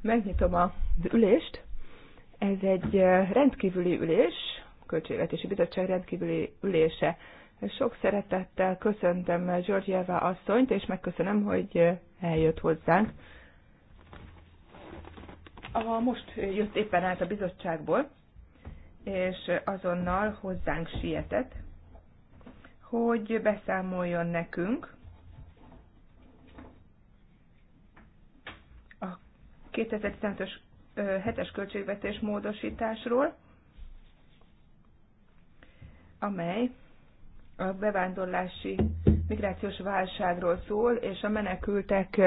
Megnyitom az ülést. Ez egy rendkívüli ülés, Költségvetési Bizottság rendkívüli ülése. Sok szeretettel köszöntöm Zsorgyelvá asszonyt, és megköszönöm, hogy eljött hozzánk. A most jött éppen át a bizottságból, és azonnal hozzánk sietett, hogy beszámoljon nekünk 2015-ös 7-es költségvetés módosításról, amely a bevándorlási migrációs válságról szól, és a menekültek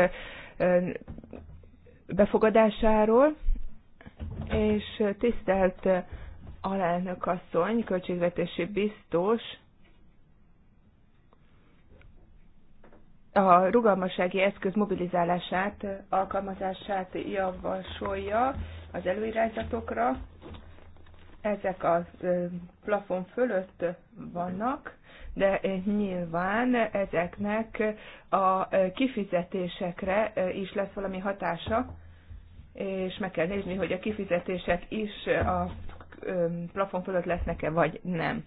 befogadásáról, és tisztelt alelnök asszony, költségvetési biztos, a rugalmassági eszköz mobilizálását, alkalmazását javasolja az előirányzatokra. Ezek a plafon fölött vannak, de nyilván ezeknek a kifizetésekre is lesz valami hatása, és meg kell nézni, hogy a kifizetések is a plafon fölött lesznek-e, vagy nem.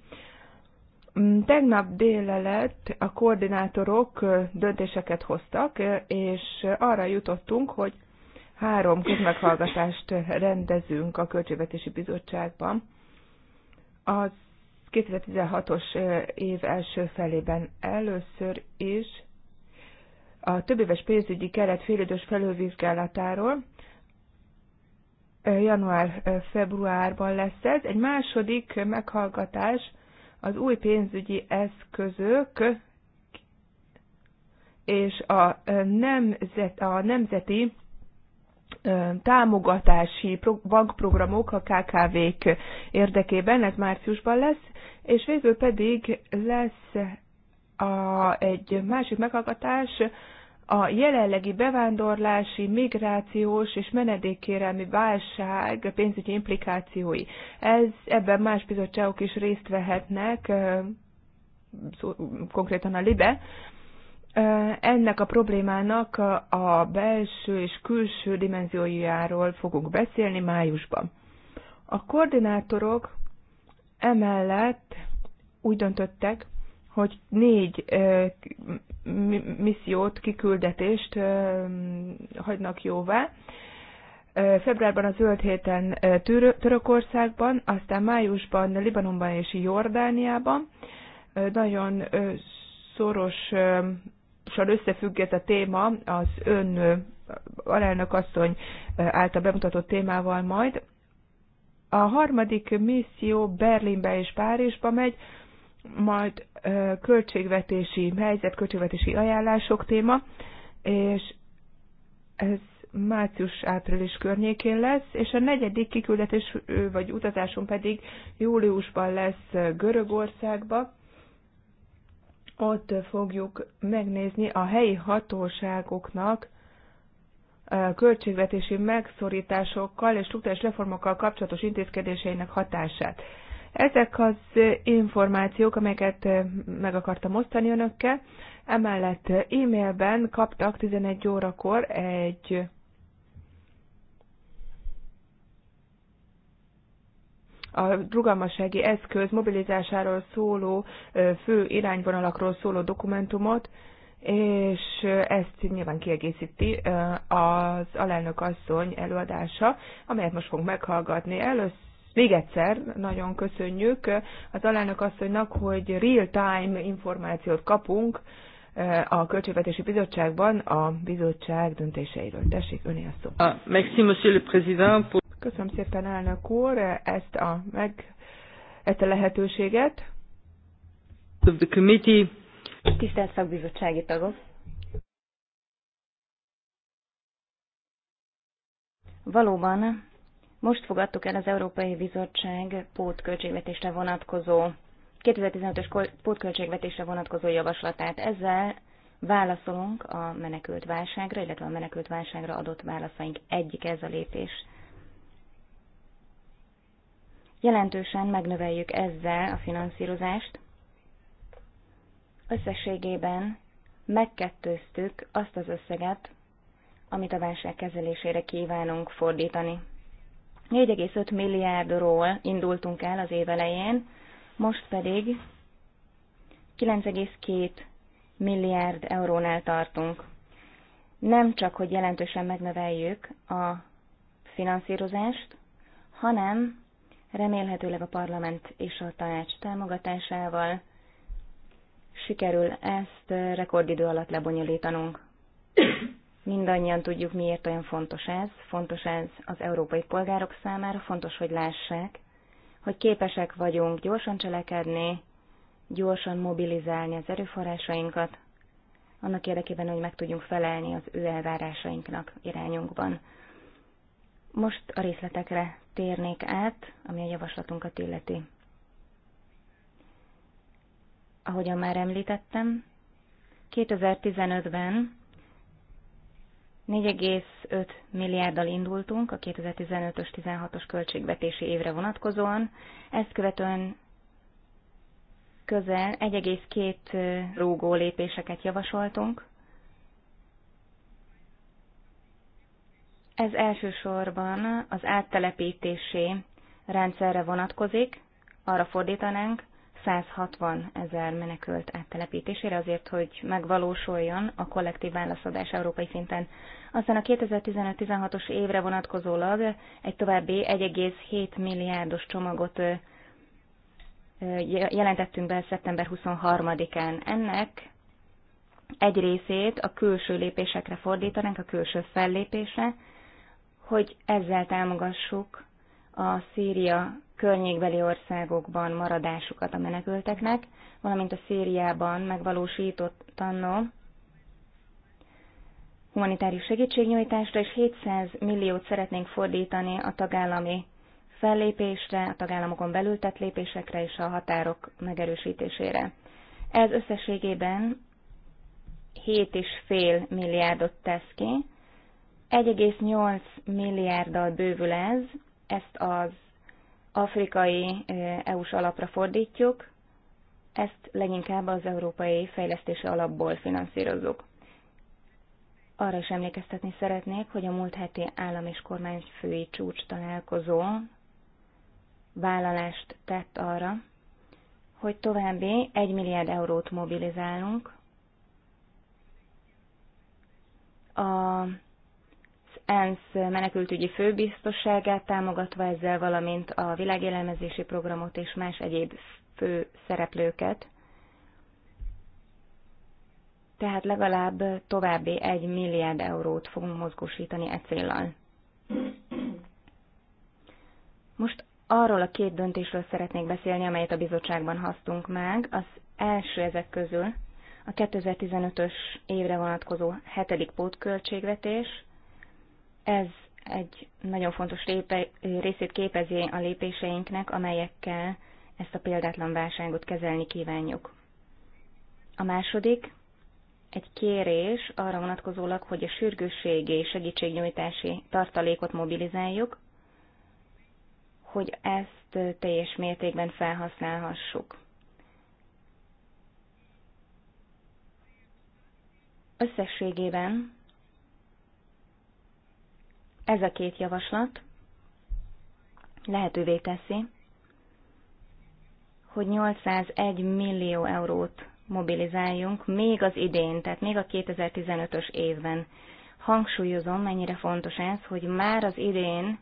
Mm, tegnap délelőtt a koordinátorok döntéseket hoztak, és arra jutottunk, hogy három közmeghallgatást rendezünk a Költségvetési Bizottságban az 2016-os év első felében először is a többéves pénzügyi keret félidős felülvizsgálatáról, január-februárban lesz ez. Egy második meghallgatás az új pénzügyi eszközök és a, nemzet, a nemzeti támogatási bankprogramok a KKV-k érdekében, ez márciusban lesz, és végül pedig lesz a, egy másik meghallgatás a jelenlegi bevándorlási, migrációs és menedékkérelmi válság pénzügyi implikációi. Ez, ebben más bizottságok is részt vehetnek, konkrétan a LIBE. Ennek a problémának a belső és külső dimenziójáról fogunk beszélni májusban. A koordinátorok emellett úgy döntöttek, hogy négy missziót, kiküldetést hagynak jóvá. Februárban a Zöld héten Törökországban, aztán májusban Libanonban és Jordániában. Nagyon szorosan összefügg ez a téma az ön alelnök asszony által bemutatott témával majd. A harmadik misszió Berlinbe és Párizsba megy, majd költségvetési helyzet, költségvetési ajánlások téma, és ez március-április környékén lesz, és a negyedik kiküldetés vagy utazásunk pedig júliusban lesz Görögországba. Ott fogjuk megnézni a helyi hatóságoknak költségvetési megszorításokkal és struktúrás reformokkal kapcsolatos intézkedéseinek hatását. Ezek az információk, amelyeket meg akartam osztani önökkel, emellett e-mailben kaptak 11 órakor egy a rugalmassági eszköz mobilizásáról szóló fő irányvonalakról szóló dokumentumot, és ezt nyilván kiegészíti az alelnök asszony előadása, amelyet most fogunk meghallgatni. Először még egyszer nagyon köszönjük az alelnök asszonynak, hogy real-time információt kapunk eh, a Költségvetési Bizottságban a bizottság döntéseiről. Tessék, öné a szó. Ah, monsieur le président. Köszönöm szépen, elnök úr, ezt a, meg, ezt a lehetőséget. the committee. Tisztelt szakbizottsági tagok! Valóban most fogadtuk el az Európai Bizottság pótköltségvetésre vonatkozó 2015-ös pótköltségvetésre vonatkozó javaslatát. Ezzel válaszolunk a menekült válságra, illetve a menekült válságra adott válaszaink egyik ez a lépés. Jelentősen megnöveljük ezzel a finanszírozást. Összességében megkettőztük azt az összeget, amit a válság kezelésére kívánunk fordítani. 4,5 milliárdról indultunk el az év elején, most pedig 9,2 milliárd eurónál tartunk. Nem csak, hogy jelentősen megnöveljük a finanszírozást, hanem remélhetőleg a parlament és a tanács támogatásával sikerül ezt rekordidő alatt lebonyolítanunk. Mindannyian tudjuk, miért olyan fontos ez. Fontos ez az európai polgárok számára, fontos, hogy lássák, hogy képesek vagyunk gyorsan cselekedni, gyorsan mobilizálni az erőforrásainkat, annak érdekében, hogy meg tudjunk felelni az ő elvárásainknak irányunkban. Most a részletekre térnék át, ami a javaslatunkat illeti. Ahogyan már említettem, 2015-ben 4,5 milliárddal indultunk a 2015-ös 16-os költségvetési évre vonatkozóan, ezt követően közel 1,2 rúgó lépéseket javasoltunk. Ez elsősorban az áttelepítési rendszerre vonatkozik, arra fordítanánk, 160 ezer menekült áttelepítésére azért, hogy megvalósuljon a kollektív válaszadás európai szinten. Aztán a 2015-16-os évre vonatkozólag egy további 1,7 milliárdos csomagot jelentettünk be szeptember 23-án. Ennek egy részét a külső lépésekre fordítanánk, a külső fellépésre, hogy ezzel támogassuk a Szíria környékbeli országokban maradásukat a menekülteknek, valamint a Szíriában megvalósított annó humanitárius segítségnyújtásra, és 700 milliót szeretnénk fordítani a tagállami fellépésre, a tagállamokon belül tett lépésekre és a határok megerősítésére. Ez összességében 7,5 milliárdot tesz ki, 1,8 milliárddal bővül ez ezt az afrikai EU-s alapra fordítjuk, ezt leginkább az Európai Fejlesztési Alapból finanszírozzuk. Arra is emlékeztetni szeretnék, hogy a múlt heti állam és kormányfői csúcs találkozó vállalást tett arra, hogy további 1 milliárd eurót mobilizálunk a ENSZ menekültügyi főbiztosságát támogatva ezzel, valamint a világélelmezési programot és más egyéb fő szereplőket. Tehát legalább további egy milliárd eurót fogunk mozgósítani e céllal. Most arról a két döntésről szeretnék beszélni, amelyet a bizottságban hasztunk meg. Az első ezek közül a 2015-ös évre vonatkozó hetedik pótköltségvetés, ez egy nagyon fontos lépe, részét képezi a lépéseinknek, amelyekkel ezt a példátlan válságot kezelni kívánjuk. A második egy kérés arra vonatkozólag, hogy a sürgősségi segítségnyújtási tartalékot mobilizáljuk, hogy ezt teljes mértékben felhasználhassuk. Összességében ez a két javaslat lehetővé teszi, hogy 801 millió eurót mobilizáljunk még az idén, tehát még a 2015-ös évben. Hangsúlyozom, mennyire fontos ez, hogy már az idén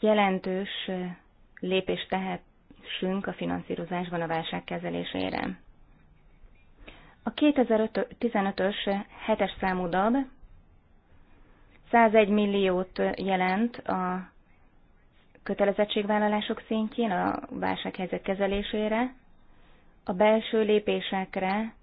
jelentős lépést tehessünk a finanszírozásban a válság kezelésére. A 2015-ös hetes számú DAB 101 milliót jelent a kötelezettségvállalások szintjén a válsághelyzet kezelésére, a belső lépésekre,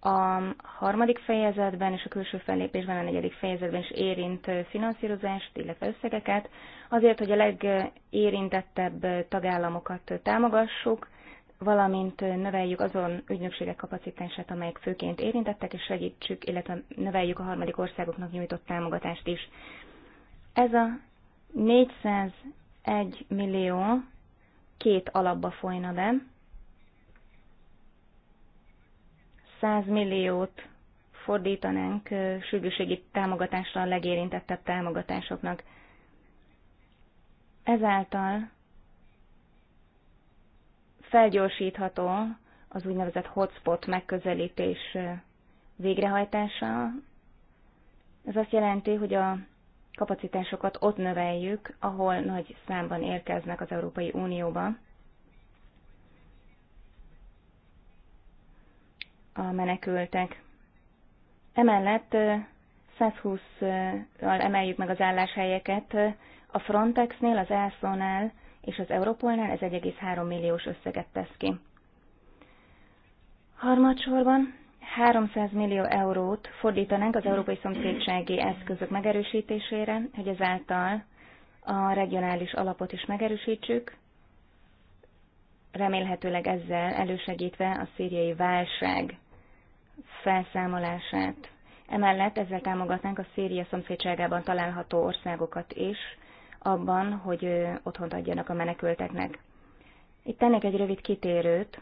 a harmadik fejezetben és a külső fellépésben a negyedik fejezetben is érint finanszírozást, illetve összegeket, azért, hogy a legérintettebb tagállamokat támogassuk, valamint növeljük azon ügynökségek kapacitását, amelyek főként érintettek, és segítsük, illetve növeljük a harmadik országoknak nyújtott támogatást is. Ez a 401 millió két alapba folyna be. 100 milliót fordítanánk sürgőségi támogatásra a legérintettebb támogatásoknak. Ezáltal felgyorsítható az úgynevezett hotspot megközelítés végrehajtása. Ez azt jelenti, hogy a kapacitásokat ott növeljük, ahol nagy számban érkeznek az Európai Unióba. a menekültek. Emellett 120-al emeljük meg az álláshelyeket a Frontexnél, az elszónál, és az Europolnál ez 1,3 milliós összeget tesz ki. Harmadsorban 300 millió eurót fordítanánk az európai szomszédsági eszközök megerősítésére, hogy ezáltal a regionális alapot is megerősítsük, remélhetőleg ezzel elősegítve a szíriai válság felszámolását. Emellett ezzel támogatnánk a Szíria szomszédságában található országokat is, abban, hogy otthont adjanak a menekülteknek. Itt tennék egy rövid kitérőt.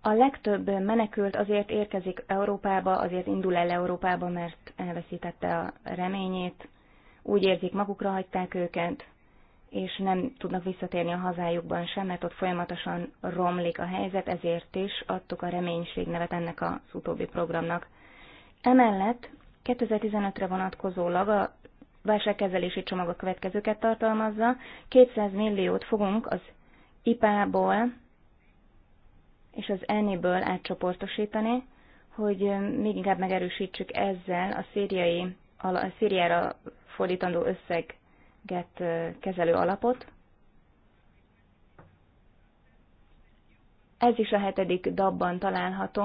A legtöbb menekült azért érkezik Európába, azért indul el Európába, mert elveszítette a reményét, úgy érzik, magukra hagyták őket, és nem tudnak visszatérni a hazájukban sem, mert ott folyamatosan romlik a helyzet, ezért is adtuk a reménység nevet ennek az utóbbi programnak. Emellett 2015-re vonatkozólag a válságkezelési csomag a következőket tartalmazza. 200 milliót fogunk az IPA-ból és az ENI-ből átcsoportosítani, hogy még inkább megerősítsük ezzel a, szíriai, a Szíriára fordítandó összeget kezelő alapot. Ez is a hetedik dabban található.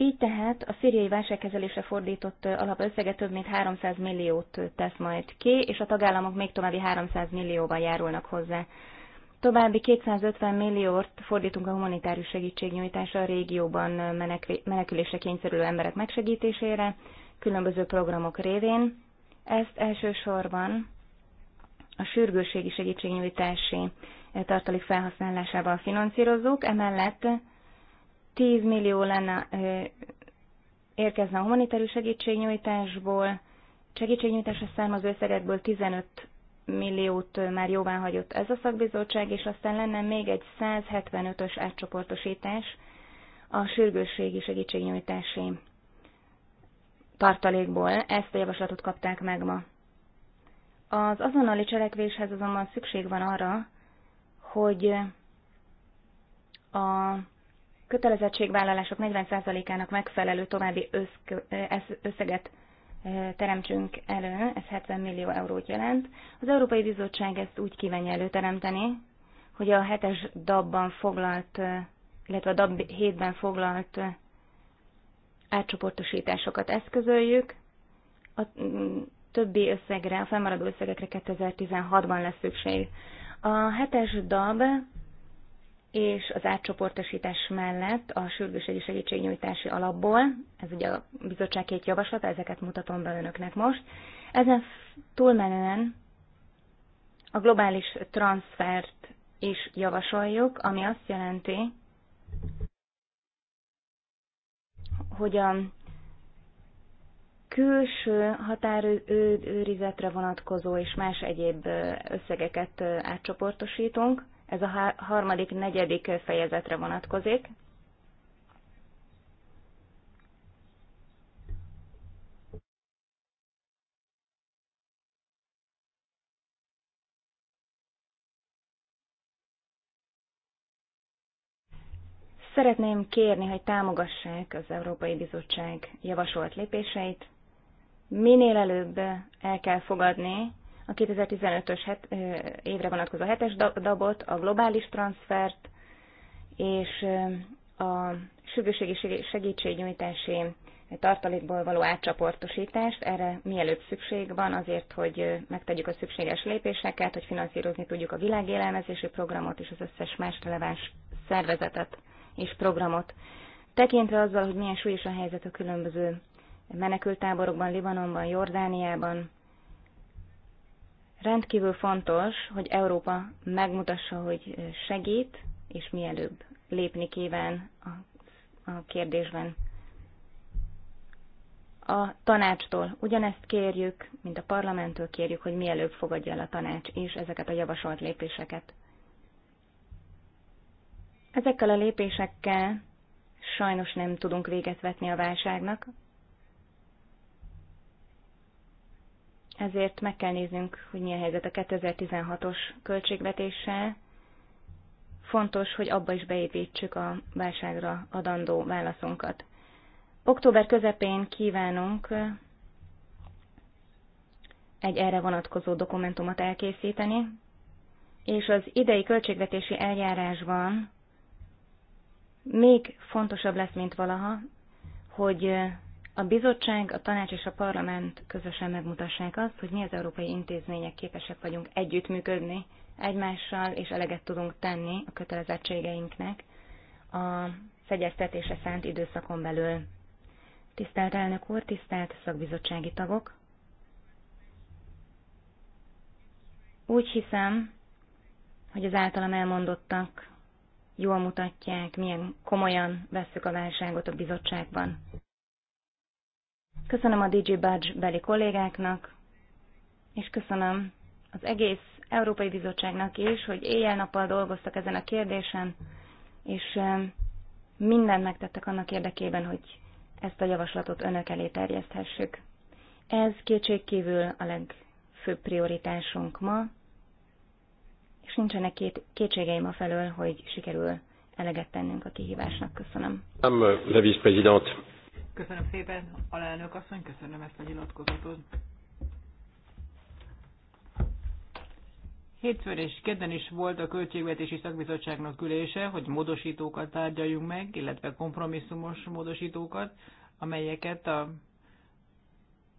Így tehát a szíriai válságkezelésre fordított alapösszege több mint 300 milliót tesz majd ki, és a tagállamok még további 300 millióval járulnak hozzá. További 250 milliót fordítunk a humanitárius segítségnyújtásra a régióban menekülésre kényszerülő emberek megsegítésére, különböző programok révén. Ezt elsősorban a sürgőségi segítségnyújtási tartalék felhasználásával finanszírozzuk, emellett 10 millió lenne, érkezne a humanitárius segítségnyújtásból, segítségnyújtásra származó összegekből 15 milliót már jóvá hagyott ez a szakbizottság, és aztán lenne még egy 175-ös átcsoportosítás a sürgősségi segítségnyújtási tartalékból. Ezt a javaslatot kapták meg ma. Az azonnali cselekvéshez azonban szükség van arra, hogy a kötelezettségvállalások 40%-ának megfelelő további összeget teremtsünk elő, ez 70 millió eurót jelent. Az Európai Bizottság ezt úgy kívánja előteremteni, hogy a 7-es dabban foglalt, illetve a DAB 7-ben foglalt átcsoportosításokat eszközöljük. A többi összegre, a felmaradó összegekre 2016-ban lesz szükség. A 7-es DAB és az átcsoportosítás mellett a sürgőségi segítségnyújtási alapból, ez ugye a bizottság két javaslata, ezeket mutatom be önöknek most, ezen túlmenően a globális transfert is javasoljuk, ami azt jelenti, hogy a külső határőrizetre vonatkozó és más egyéb összegeket átcsoportosítunk, ez a harmadik, negyedik fejezetre vonatkozik. Szeretném kérni, hogy támogassák az Európai Bizottság javasolt lépéseit. Minél előbb el kell fogadni a 2015-ös évre vonatkozó hetes dabot, a globális transfert és a sürgőségi segítségnyújtási tartalékból való átcsoportosítást. Erre mielőbb szükség van azért, hogy megtegyük a szükséges lépéseket, hogy finanszírozni tudjuk a világélelmezési programot és az összes más releváns szervezetet és programot. Tekintve azzal, hogy milyen súlyos a helyzet a különböző menekültáborokban, Libanonban, Jordániában, Rendkívül fontos, hogy Európa megmutassa, hogy segít, és mielőbb lépni kíván a, a kérdésben. A tanácstól ugyanezt kérjük, mint a parlamenttől kérjük, hogy mielőbb fogadja el a tanács és ezeket a javasolt lépéseket. Ezekkel a lépésekkel sajnos nem tudunk véget vetni a válságnak, ezért meg kell néznünk, hogy milyen helyzet a 2016-os költségvetéssel. Fontos, hogy abba is beépítsük a válságra adandó válaszunkat. Október közepén kívánunk egy erre vonatkozó dokumentumot elkészíteni, és az idei költségvetési eljárásban még fontosabb lesz, mint valaha, hogy a bizottság, a tanács és a parlament közösen megmutassák azt, hogy mi az európai intézmények képesek vagyunk együttműködni egymással, és eleget tudunk tenni a kötelezettségeinknek a fegyeztetésre szánt időszakon belül. Tisztelt elnök úr, tisztelt szakbizottsági tagok! Úgy hiszem, hogy az általam elmondottak jól mutatják, milyen komolyan vesszük a válságot a bizottságban. Köszönöm a DJ Badge beli kollégáknak, és köszönöm az egész Európai Bizottságnak is, hogy éjjel-nappal dolgoztak ezen a kérdésen, és eh, mindent megtettek annak érdekében, hogy ezt a javaslatot önök elé terjeszthessük. Ez kétségkívül a legfőbb prioritásunk ma, és nincsenek két, kétségeim a felől, hogy sikerül eleget tennünk a kihívásnak. Köszönöm. Nem, la Köszönöm szépen, alelnök asszony, köszönöm ezt a nyilatkozatot. Hétfőn és kedden is volt a Költségvetési Szakbizottságnak ülése, hogy módosítókat tárgyaljunk meg, illetve kompromisszumos módosítókat, amelyeket a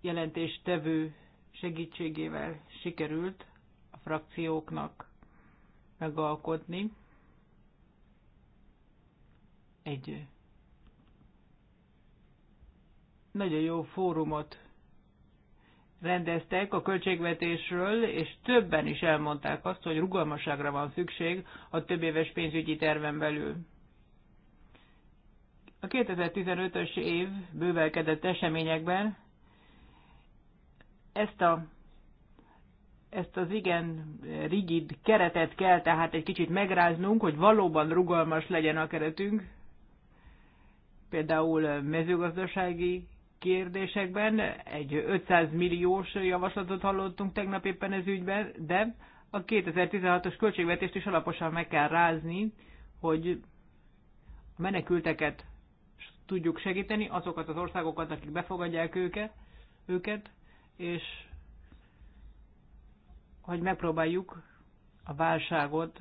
jelentéstevő segítségével sikerült a frakcióknak megalkotni. Egy nagyon jó fórumot rendeztek a költségvetésről, és többen is elmondták azt, hogy rugalmasságra van szükség a több éves pénzügyi terven belül. A 2015-ös év bővelkedett eseményekben ezt, a, ezt az igen rigid keretet kell tehát egy kicsit megráznunk, hogy valóban rugalmas legyen a keretünk, például mezőgazdasági kérdésekben. Egy 500 milliós javaslatot hallottunk tegnap éppen ez ügyben, de a 2016-os költségvetést is alaposan meg kell rázni, hogy a menekülteket tudjuk segíteni, azokat az országokat, akik befogadják őket, őket és hogy megpróbáljuk a válságot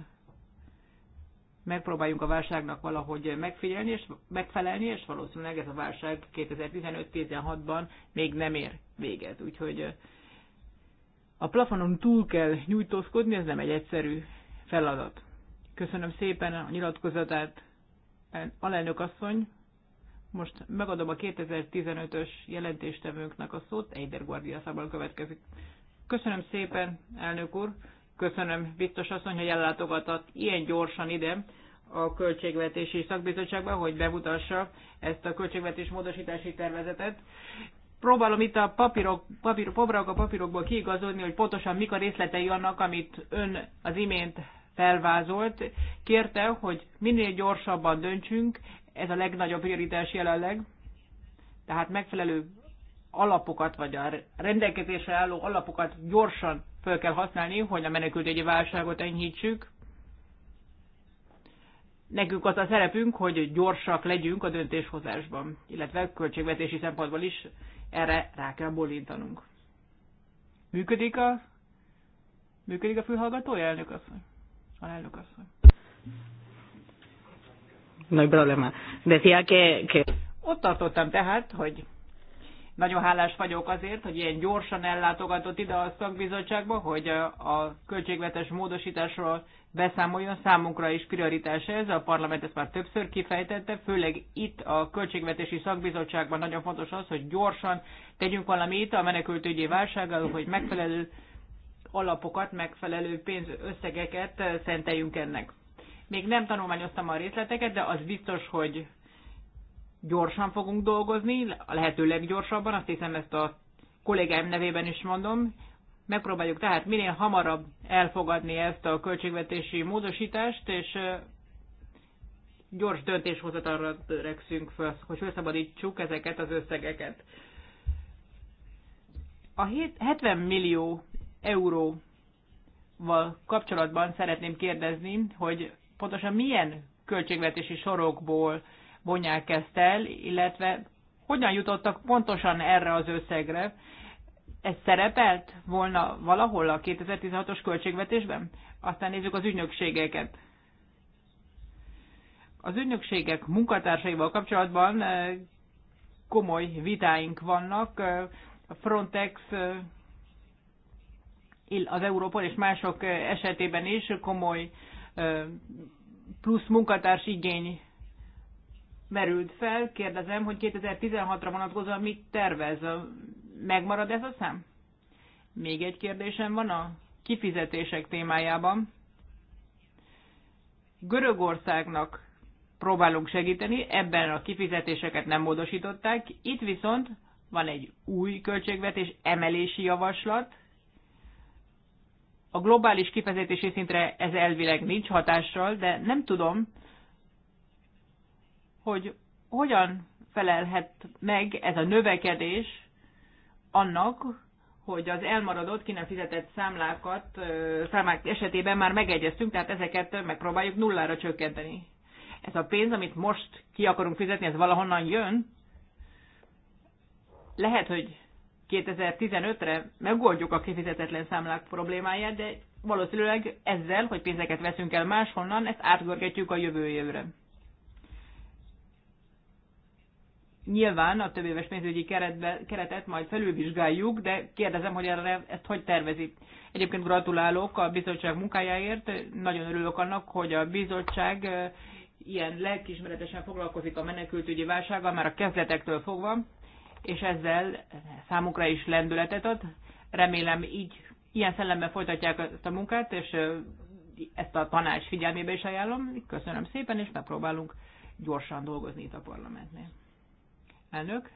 megpróbáljunk a válságnak valahogy megfigyelni és megfelelni, és valószínűleg ez a válság 2015-16-ban még nem ér véget. Úgyhogy a plafonon túl kell nyújtózkodni, ez nem egy egyszerű feladat. Köszönöm szépen a nyilatkozatát, alelnök asszony. Most megadom a 2015-ös jelentéstevőnknek a szót, Eider Guardia szában következik. Köszönöm szépen, elnök úr. Köszönöm, biztos asszony, hogy ellátogatott ilyen gyorsan ide a Költségvetési Szakbizottságban, hogy bemutassa ezt a költségvetés módosítási tervezetet. Próbálom itt a papírok, papír papírok a papírokból kiigazodni, hogy pontosan mik a részletei annak, amit ön az imént felvázolt. Kérte, hogy minél gyorsabban döntsünk, ez a legnagyobb prioritás jelenleg, tehát megfelelő alapokat, vagy a rendelkezésre álló alapokat gyorsan fel kell használni, hogy a menekültégi válságot enyhítsük nekünk az a szerepünk, hogy gyorsak legyünk a döntéshozásban, illetve költségvetési szempontból is erre rá kell bolintanunk. Működik a, működik a fülhallgató, elnök asszony? elnök asszony. No hay problema. Decía que, que... Ott tartottam tehát, hogy nagyon hálás vagyok azért, hogy ilyen gyorsan ellátogatott ide a szakbizottságba, hogy a költségvetes módosításról beszámoljon. Számunkra is prioritás ez, a parlament ezt már többször kifejtette, főleg itt a költségvetési szakbizottságban nagyon fontos az, hogy gyorsan tegyünk valamit a menekültügyi válsággal, hogy megfelelő alapokat, megfelelő pénzösszegeket szenteljünk ennek. Még nem tanulmányoztam a részleteket, de az biztos, hogy gyorsan fogunk dolgozni, a lehető leggyorsabban, azt hiszem ezt a kollégám nevében is mondom. Megpróbáljuk tehát minél hamarabb elfogadni ezt a költségvetési módosítást, és gyors arra törekszünk föl, hogy felszabadítsuk ezeket az összegeket. A 70 millió euróval kapcsolatban szeretném kérdezni, hogy pontosan milyen költségvetési sorokból vonják ezt el, illetve hogyan jutottak pontosan erre az összegre? Ez szerepelt volna valahol a 2016-os költségvetésben? Aztán nézzük az ügynökségeket. Az ügynökségek munkatársaival kapcsolatban eh, komoly vitáink vannak. Eh, a Frontex, eh, az Európa és mások esetében is komoly plusz munkatárs igény merült fel. Kérdezem, hogy 2016-ra vonatkozóan mit tervez? Megmarad ez a szám? Még egy kérdésem van a kifizetések témájában. Görögországnak próbálunk segíteni, ebben a kifizetéseket nem módosították, itt viszont van egy új költségvetés emelési javaslat. A globális kifizetési szintre ez elvileg nincs hatással, de nem tudom, hogy hogyan felelhet meg ez a növekedés annak, hogy az elmaradott, ki nem fizetett számlákat, számlák esetében már megegyeztünk, tehát ezeket megpróbáljuk nullára csökkenteni. Ez a pénz, amit most ki akarunk fizetni, ez valahonnan jön. Lehet, hogy 2015-re megoldjuk a kifizetetlen számlák problémáját, de valószínűleg ezzel, hogy pénzeket veszünk el máshonnan, ezt átgörgetjük a jövő évre. Nyilván a éves pénzügyi keretbe, keretet majd felülvizsgáljuk, de kérdezem, hogy erre ezt hogy tervezik. Egyébként gratulálok a bizottság munkájáért, nagyon örülök annak, hogy a bizottság ilyen lelkismeretesen foglalkozik a menekültügyi válsággal már a kezdetektől fogva, és ezzel számukra is lendületet ad. Remélem így ilyen szellemben folytatják ezt a munkát, és ezt a tanács figyelmébe is ajánlom. Köszönöm szépen, és megpróbálunk gyorsan dolgozni itt a parlamentnél. Elnök,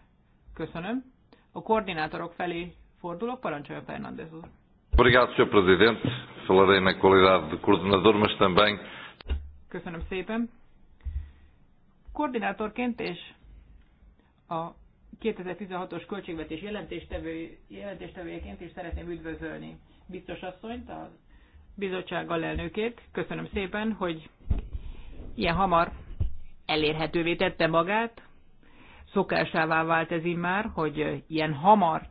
köszönöm. A koordinátorok felé fordulok, parancsolja Fernández úr. Obrigado, Presidente. Falarei na qualidade de coordenador, mas também... Köszönöm szépen. Koordinátorként és a 2016-os költségvetés jelentéstevőjeként is szeretném üdvözölni biztos asszonyt, a bizottság alelnökét. Köszönöm szépen, hogy ilyen hamar elérhetővé tette magát szokásává vált ez immár, hogy ilyen hamar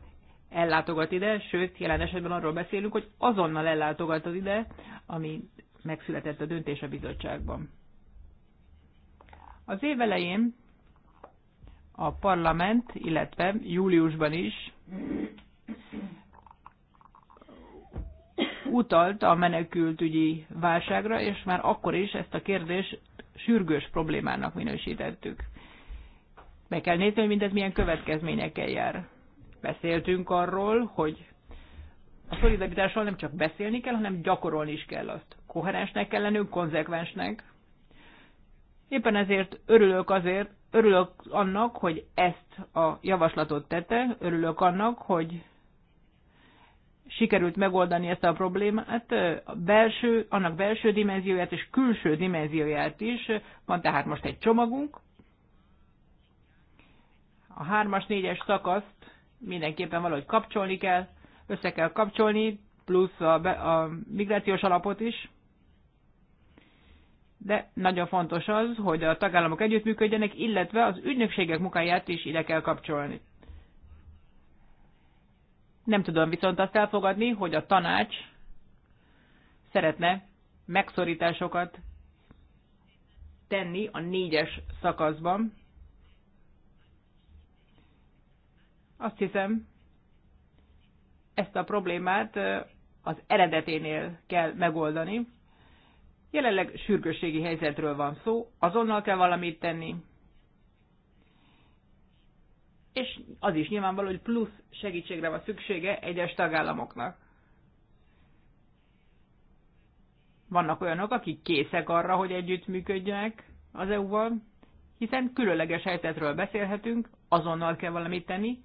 ellátogat ide, sőt, jelen esetben arról beszélünk, hogy azonnal ellátogat az ide, ami megszületett a döntés a bizottságban. Az év elején a parlament, illetve júliusban is utalt a menekültügyi válságra, és már akkor is ezt a kérdést sürgős problémának minősítettük. Meg kell nézni, hogy mindez milyen következményekkel jár. Beszéltünk arról, hogy a szolidaritásról nem csak beszélni kell, hanem gyakorolni is kell azt. Koherensnek kell lennünk, konzekvensnek. Éppen ezért örülök azért, örülök annak, hogy ezt a javaslatot tette, örülök annak, hogy sikerült megoldani ezt a problémát, a belső, annak belső dimenzióját és külső dimenzióját is. Van tehát most egy csomagunk, a 3-as, 4-es szakaszt mindenképpen valahogy kapcsolni kell, össze kell kapcsolni, plusz a, a migrációs alapot is, de nagyon fontos az, hogy a tagállamok együttműködjenek, illetve az ügynökségek munkáját is ide kell kapcsolni. Nem tudom viszont azt elfogadni, hogy a tanács szeretne megszorításokat tenni a négyes szakaszban. Azt hiszem, ezt a problémát az eredeténél kell megoldani. Jelenleg sürgősségi helyzetről van szó, azonnal kell valamit tenni, és az is nyilvánvaló, hogy plusz segítségre van szüksége egyes tagállamoknak. Vannak olyanok, akik készek arra, hogy együttműködjenek az EU-val, hiszen különleges helyzetről beszélhetünk, azonnal kell valamit tenni,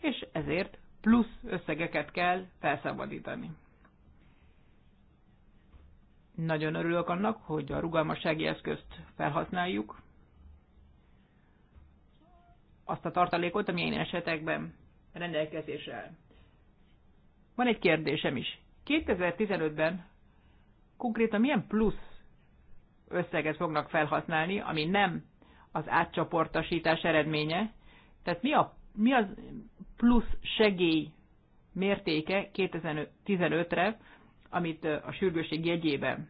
és ezért plusz összegeket kell felszabadítani. Nagyon örülök annak, hogy a rugalmassági eszközt felhasználjuk, azt a tartalékot, ami én esetekben rendelkezésre Van egy kérdésem is. 2015-ben konkrétan milyen plusz összeget fognak felhasználni, ami nem az átcsoportosítás eredménye? Tehát mi, a, mi az plusz segély mértéke 2015-re, amit a sürgőség jegyébe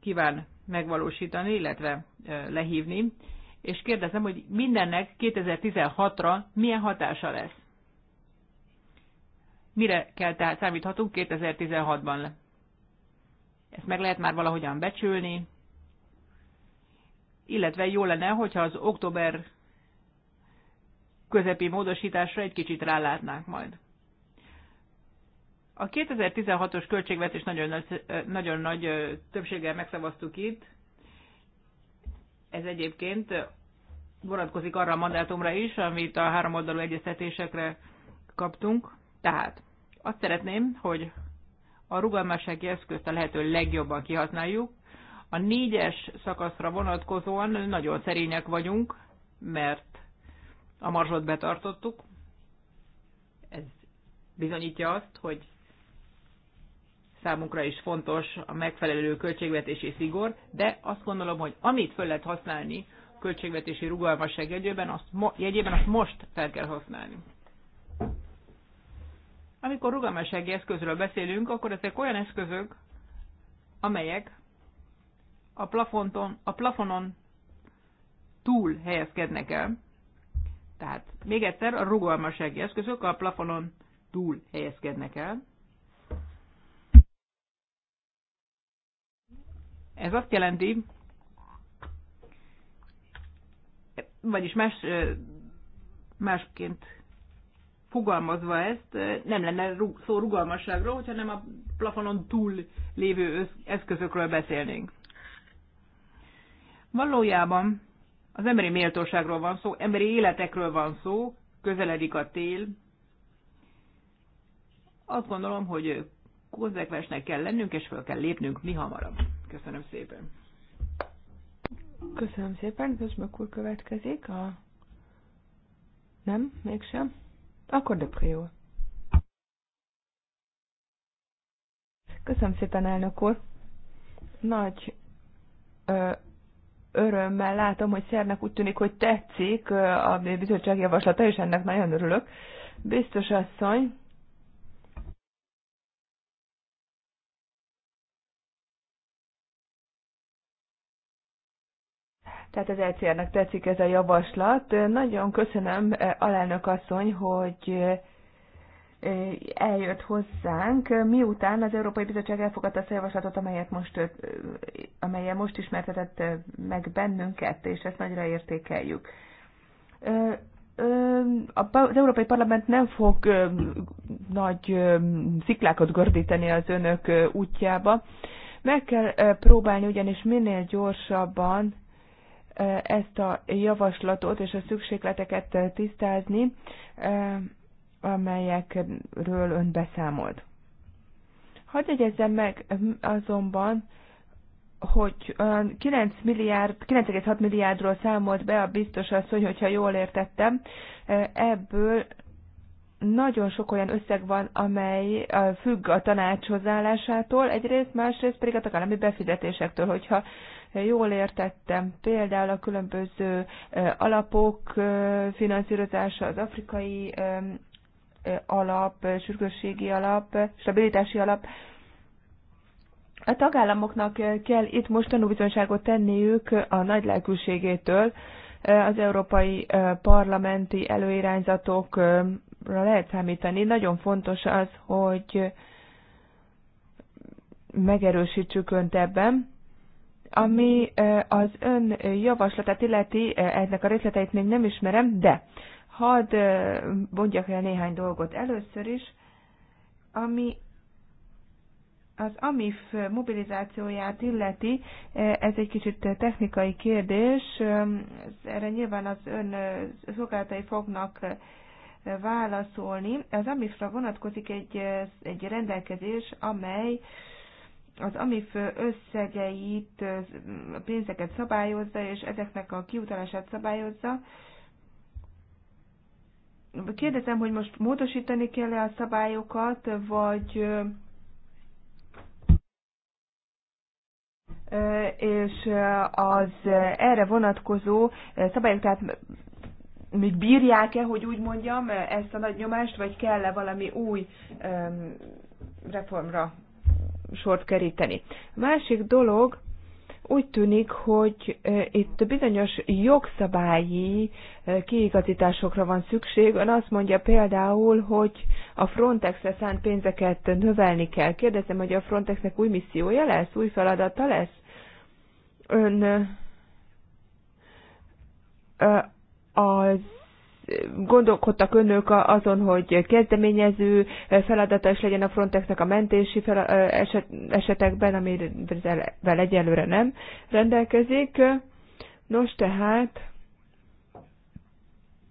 kíván megvalósítani, illetve lehívni, és kérdezem, hogy mindennek 2016-ra milyen hatása lesz? Mire kell tehát számíthatunk 2016-ban? Ezt meg lehet már valahogyan becsülni, illetve jó lenne, hogyha az október közepi módosításra egy kicsit rálátnánk majd. A 2016-os költségvetés nagyon nagy, nagyon nagy többséggel megszavaztuk itt. Ez egyébként vonatkozik arra a mandátumra is, amit a oldalú egyeztetésekre kaptunk. Tehát azt szeretném, hogy a rugalmassági eszközt a lehető legjobban kihasználjuk. A négyes szakaszra vonatkozóan nagyon szerények vagyunk, mert a marzsot betartottuk. Ez bizonyítja azt, hogy számunkra is fontos a megfelelő költségvetési szigor, de azt gondolom, hogy amit föl lehet használni a költségvetési rugalmasság jegyében, azt, mo- jegyében azt most fel kell használni. Amikor rugalmassági eszközről beszélünk, akkor ezek olyan eszközök, amelyek a, plafonton, a plafonon túl helyezkednek el, tehát még egyszer a rugalmasági eszközök a plafonon túl helyezkednek el. Ez azt jelenti, vagyis más, másként fogalmazva ezt, nem lenne szó rugalmasságról, hogyha nem a plafonon túl lévő eszközökről beszélnénk. Valójában az emberi méltóságról van szó, emberi életekről van szó, közeledik a tél. Azt gondolom, hogy konzekvensnek kell lennünk, és fel kell lépnünk mi hamarabb. Köszönöm szépen. Köszönöm szépen, Közmök úr következik a... Nem, mégsem. Akkor de jó. Köszönöm szépen, elnök úr. Nagy örömmel látom, hogy Szernek úgy tűnik, hogy tetszik a bizottság javaslata, és ennek nagyon örülök. Biztos asszony, tehát az ECR-nek tetszik ez a javaslat. Nagyon köszönöm, alelnök asszony, hogy eljött hozzánk, miután az Európai Bizottság elfogadta a javaslatot, amelyet most, amelyet most ismertetett meg bennünket, és ezt nagyra értékeljük. Az Európai Parlament nem fog nagy sziklákat gördíteni az önök útjába. Meg kell próbálni ugyanis minél gyorsabban ezt a javaslatot és a szükségleteket tisztázni amelyekről ön beszámolt. Hadd jegyezzem meg azonban, hogy 9 milliárd, 9,6 milliárdról számolt be a biztos asszony, hogyha jól értettem, e, ebből nagyon sok olyan összeg van, amely e, függ a tanács hozzáállásától, egyrészt, másrészt pedig a tagállami befizetésektől, hogyha jól értettem, például a különböző e, alapok finanszírozása, az afrikai alap, sürgősségi alap, stabilitási alap. A tagállamoknak kell itt most tanúbizonyságot tenniük a nagy lelkűségétől, az európai parlamenti előirányzatokra lehet számítani. Nagyon fontos az, hogy megerősítsük önt ebben. Ami az ön javaslatát illeti, ennek a részleteit még nem ismerem, de Hadd mondjak el néhány dolgot először is, ami az AMIF mobilizációját illeti, ez egy kicsit technikai kérdés, erre nyilván az ön szolgálatai fognak válaszolni. Az AMIF-ra vonatkozik egy, egy rendelkezés, amely az AMIF összegeit, pénzeket szabályozza, és ezeknek a kiutalását szabályozza Kérdezem, hogy most módosítani kell-e a szabályokat, vagy és az erre vonatkozó szabályok, tehát még bírják-e, hogy úgy mondjam, ezt a nagy nyomást, vagy kell-e valami új reformra sort keríteni. A másik dolog, úgy tűnik, hogy eh, itt bizonyos jogszabályi eh, kiigazításokra van szükség. Ön azt mondja például, hogy a Frontex-re szánt pénzeket növelni kell. Kérdezem, hogy a Frontexnek új missziója lesz, új feladata lesz? Ön eh, az gondolkodtak önök azon, hogy kezdeményező eh, feladata is legyen a Frontexnek a mentési eh, esetekben, amivel egyelőre nem rendelkezik. Nos, tehát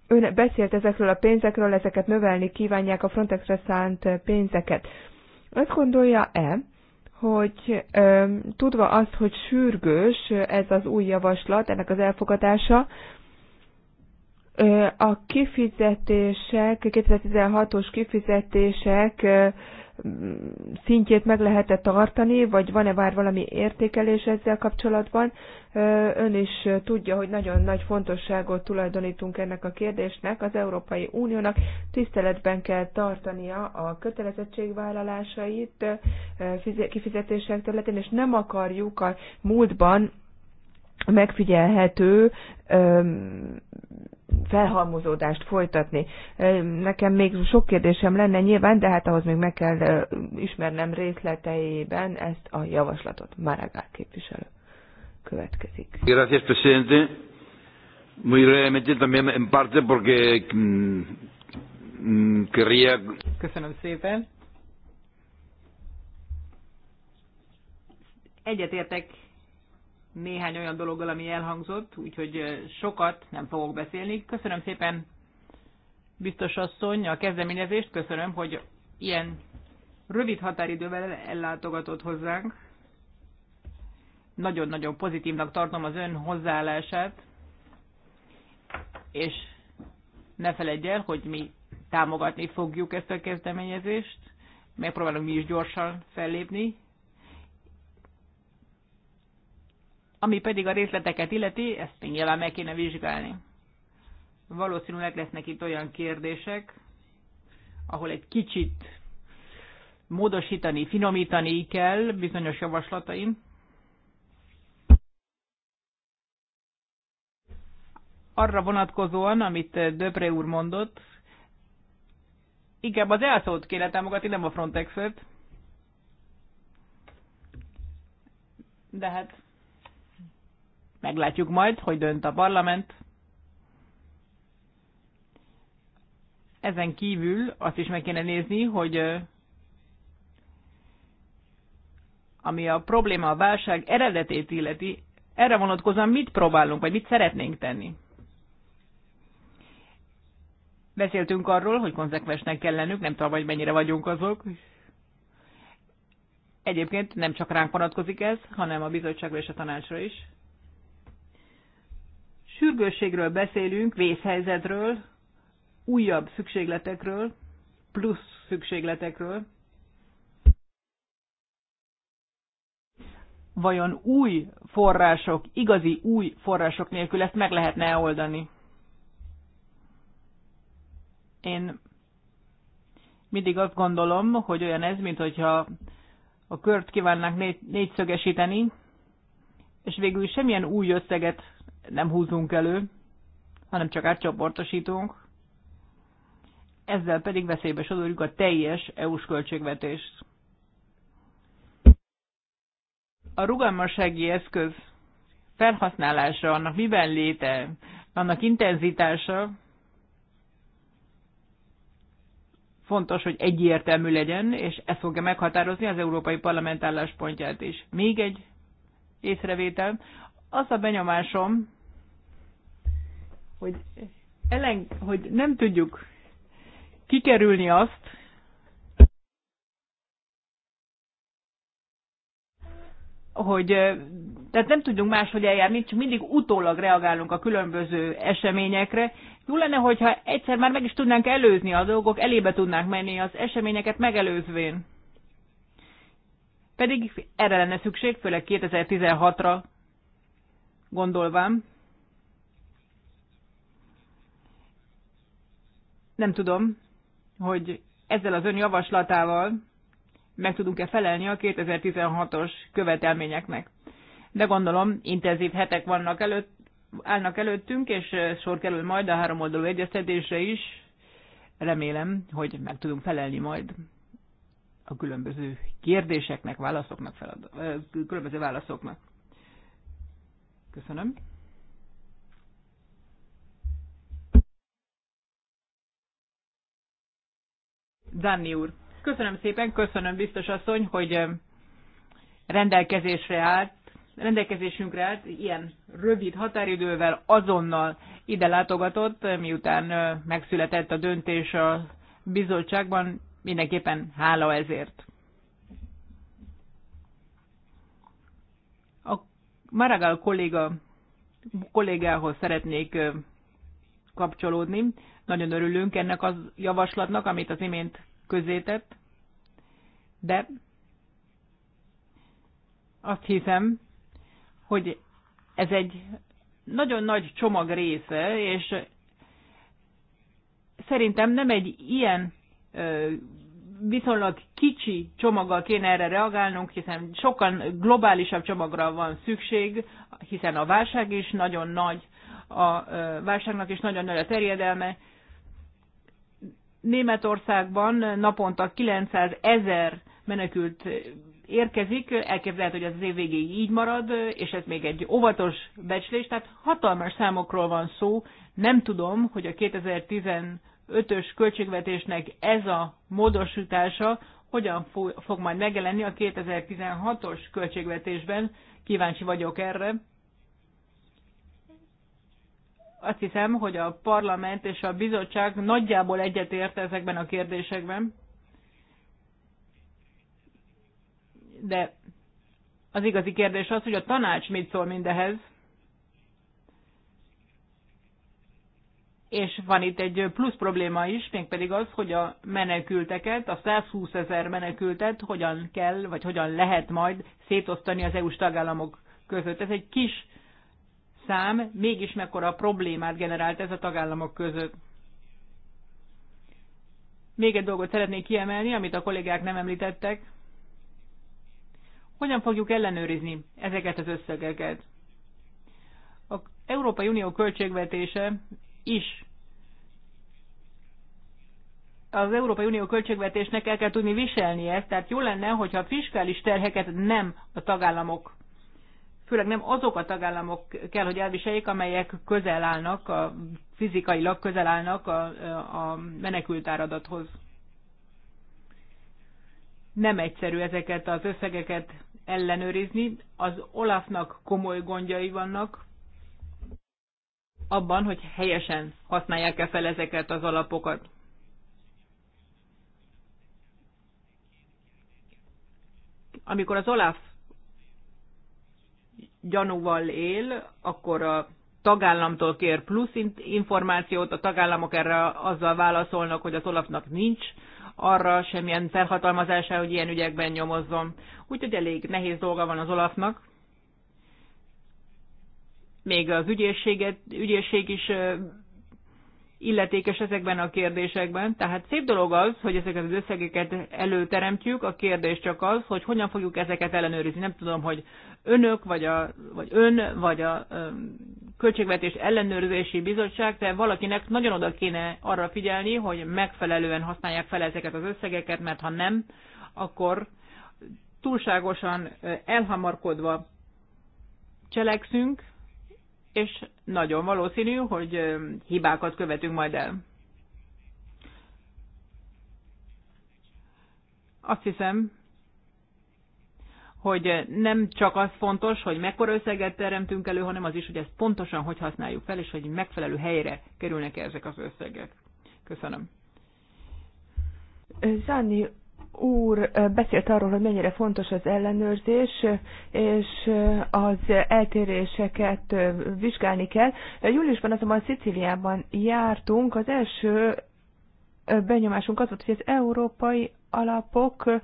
ön beszélt ezekről a pénzekről, ezeket növelni kívánják a Frontexre szánt pénzeket. Azt gondolja-e, hogy ö, tudva azt, hogy sürgős ez az új javaslat, ennek az elfogadása, a kifizetések, 2016-os kifizetések szintjét meg lehet-e tartani, vagy van-e vár valami értékelés ezzel kapcsolatban? Ön is tudja, hogy nagyon nagy fontosságot tulajdonítunk ennek a kérdésnek. Az Európai Uniónak tiszteletben kell tartania a kötelezettségvállalásait kifizetések területén, és nem akarjuk a múltban megfigyelhető felhalmozódást folytatni. Nekem még sok kérdésem lenne nyilván, de hát ahhoz még meg kell ismernem részleteiben ezt a javaslatot. Maragá képviselő következik. Gracias, presidente. Muy brevemente también en parte porque mm, mm, querría... Köszönöm szépen. Egyetértek néhány olyan dologgal, ami elhangzott, úgyhogy sokat nem fogok beszélni. Köszönöm szépen, biztos asszony, a kezdeményezést, köszönöm, hogy ilyen rövid határidővel ellátogatott hozzánk. Nagyon-nagyon pozitívnak tartom az ön hozzáállását, és ne feledj el, hogy mi támogatni fogjuk ezt a kezdeményezést, megpróbálunk mi is gyorsan fellépni, Ami pedig a részleteket illeti, ezt még nyilván meg kéne vizsgálni. Valószínűleg lesznek itt olyan kérdések, ahol egy kicsit módosítani, finomítani kell bizonyos javaslataim. Arra vonatkozóan, amit Döpré úr mondott, inkább az elszót kéne támogatni, nem a Frontexet. De hát Meglátjuk majd, hogy dönt a parlament. Ezen kívül azt is meg kéne nézni, hogy ami a probléma, a válság eredetét illeti, erre vonatkozóan mit próbálunk, vagy mit szeretnénk tenni. Beszéltünk arról, hogy konzekvensnek kell lennünk, nem tudom, hogy mennyire vagyunk azok. Egyébként nem csak ránk vonatkozik ez, hanem a bizottságra és a tanácsra is sürgősségről beszélünk, vészhelyzetről, újabb szükségletekről, plusz szükségletekről. Vajon új források, igazi új források nélkül ezt meg lehetne oldani? Én mindig azt gondolom, hogy olyan ez, mint hogyha a kört kívánnák négyszögesíteni, és végül semmilyen új összeget nem húzunk elő, hanem csak átcsoportosítunk, ezzel pedig veszélybe sodorjuk a teljes EU-s költségvetést. A rugalmassági eszköz felhasználása, annak miben léte, annak intenzitása fontos, hogy egyértelmű legyen, és ez fogja meghatározni az Európai Parlament álláspontját is. Még egy észrevétel, az a benyomásom, hogy, ellen, hogy nem tudjuk kikerülni azt, hogy tehát nem tudjunk máshogy eljárni, csak mindig utólag reagálunk a különböző eseményekre. Jó lenne, hogyha egyszer már meg is tudnánk előzni a dolgok, elébe tudnánk menni az eseményeket megelőzvén. Pedig erre lenne szükség, főleg 2016-ra, gondolvám. Nem tudom, hogy ezzel az ön javaslatával meg tudunk-e felelni a 2016-os követelményeknek. De gondolom, intenzív hetek vannak előtt, állnak előttünk, és sor kerül majd a háromoldalú egyeztetésre is. Remélem, hogy meg tudunk felelni majd a különböző kérdéseknek, válaszoknak, feladat, különböző válaszoknak. Köszönöm. Danni úr, köszönöm szépen, köszönöm biztos asszony, hogy rendelkezésre állt, rendelkezésünkre állt, ilyen rövid határidővel azonnal ide látogatott, miután megszületett a döntés a bizottságban, mindenképpen hála ezért. Maragall kolléga, kollégához szeretnék kapcsolódni. Nagyon örülünk ennek az javaslatnak, amit az imént közétett, de azt hiszem, hogy ez egy nagyon nagy csomag része, és szerintem nem egy ilyen viszonylag kicsi csomaggal kéne erre reagálnunk, hiszen sokkal globálisabb csomagra van szükség, hiszen a válság is nagyon nagy, a válságnak is nagyon nagy a terjedelme. Németországban naponta 900 ezer menekült érkezik, elképzelhető, hogy ez az év végéig így marad, és ez még egy óvatos becslés, tehát hatalmas számokról van szó. Nem tudom, hogy a 2010 ötös költségvetésnek ez a módosítása hogyan fog majd megjelenni a 2016-os költségvetésben. Kíváncsi vagyok erre. Azt hiszem, hogy a parlament és a bizottság nagyjából egyetért ezekben a kérdésekben. De az igazi kérdés az, hogy a tanács mit szól mindehez. és van itt egy plusz probléma is, mégpedig az, hogy a menekülteket, a 120 ezer menekültet hogyan kell, vagy hogyan lehet majd szétosztani az EU-s tagállamok között. Ez egy kis szám, mégis mekkora problémát generált ez a tagállamok között. Még egy dolgot szeretnék kiemelni, amit a kollégák nem említettek. Hogyan fogjuk ellenőrizni ezeket az összegeket? Az Európai Unió költségvetése is. Az Európai Unió költségvetésnek el kell tudni viselni ezt, tehát jó lenne, hogyha a fiskális terheket nem a tagállamok, főleg nem azok a tagállamok kell, hogy elviseljék, amelyek közel állnak, a, fizikailag közel állnak a, a menekült áradathoz. Nem egyszerű ezeket az összegeket ellenőrizni. Az Olafnak komoly gondjai vannak, abban, hogy helyesen használják-e fel ezeket az alapokat. Amikor az Olaf gyanúval él, akkor a tagállamtól kér plusz információt, a tagállamok erre azzal válaszolnak, hogy az Olafnak nincs arra semmilyen felhatalmazása, hogy ilyen ügyekben nyomozzon. Úgyhogy elég nehéz dolga van az Olafnak még az ügyészséget, ügyészség is illetékes ezekben a kérdésekben. Tehát szép dolog az, hogy ezeket az összegeket előteremtjük, a kérdés csak az, hogy hogyan fogjuk ezeket ellenőrizni. Nem tudom, hogy önök, vagy, a, vagy ön, vagy a um, Költségvetés Ellenőrzési Bizottság, de valakinek nagyon oda kéne arra figyelni, hogy megfelelően használják fel ezeket az összegeket, mert ha nem, akkor túlságosan elhamarkodva cselekszünk, és nagyon valószínű, hogy hibákat követünk majd el. Azt hiszem, hogy nem csak az fontos, hogy mekkora összeget teremtünk elő, hanem az is, hogy ezt pontosan hogy használjuk fel, és hogy megfelelő helyre kerülnek -e ezek az összegek. Köszönöm. Zanni úr beszélt arról, hogy mennyire fontos az ellenőrzés, és az eltéréseket vizsgálni kell. Júliusban azonban Szicíliában jártunk, az első benyomásunk az volt, hogy az európai alapok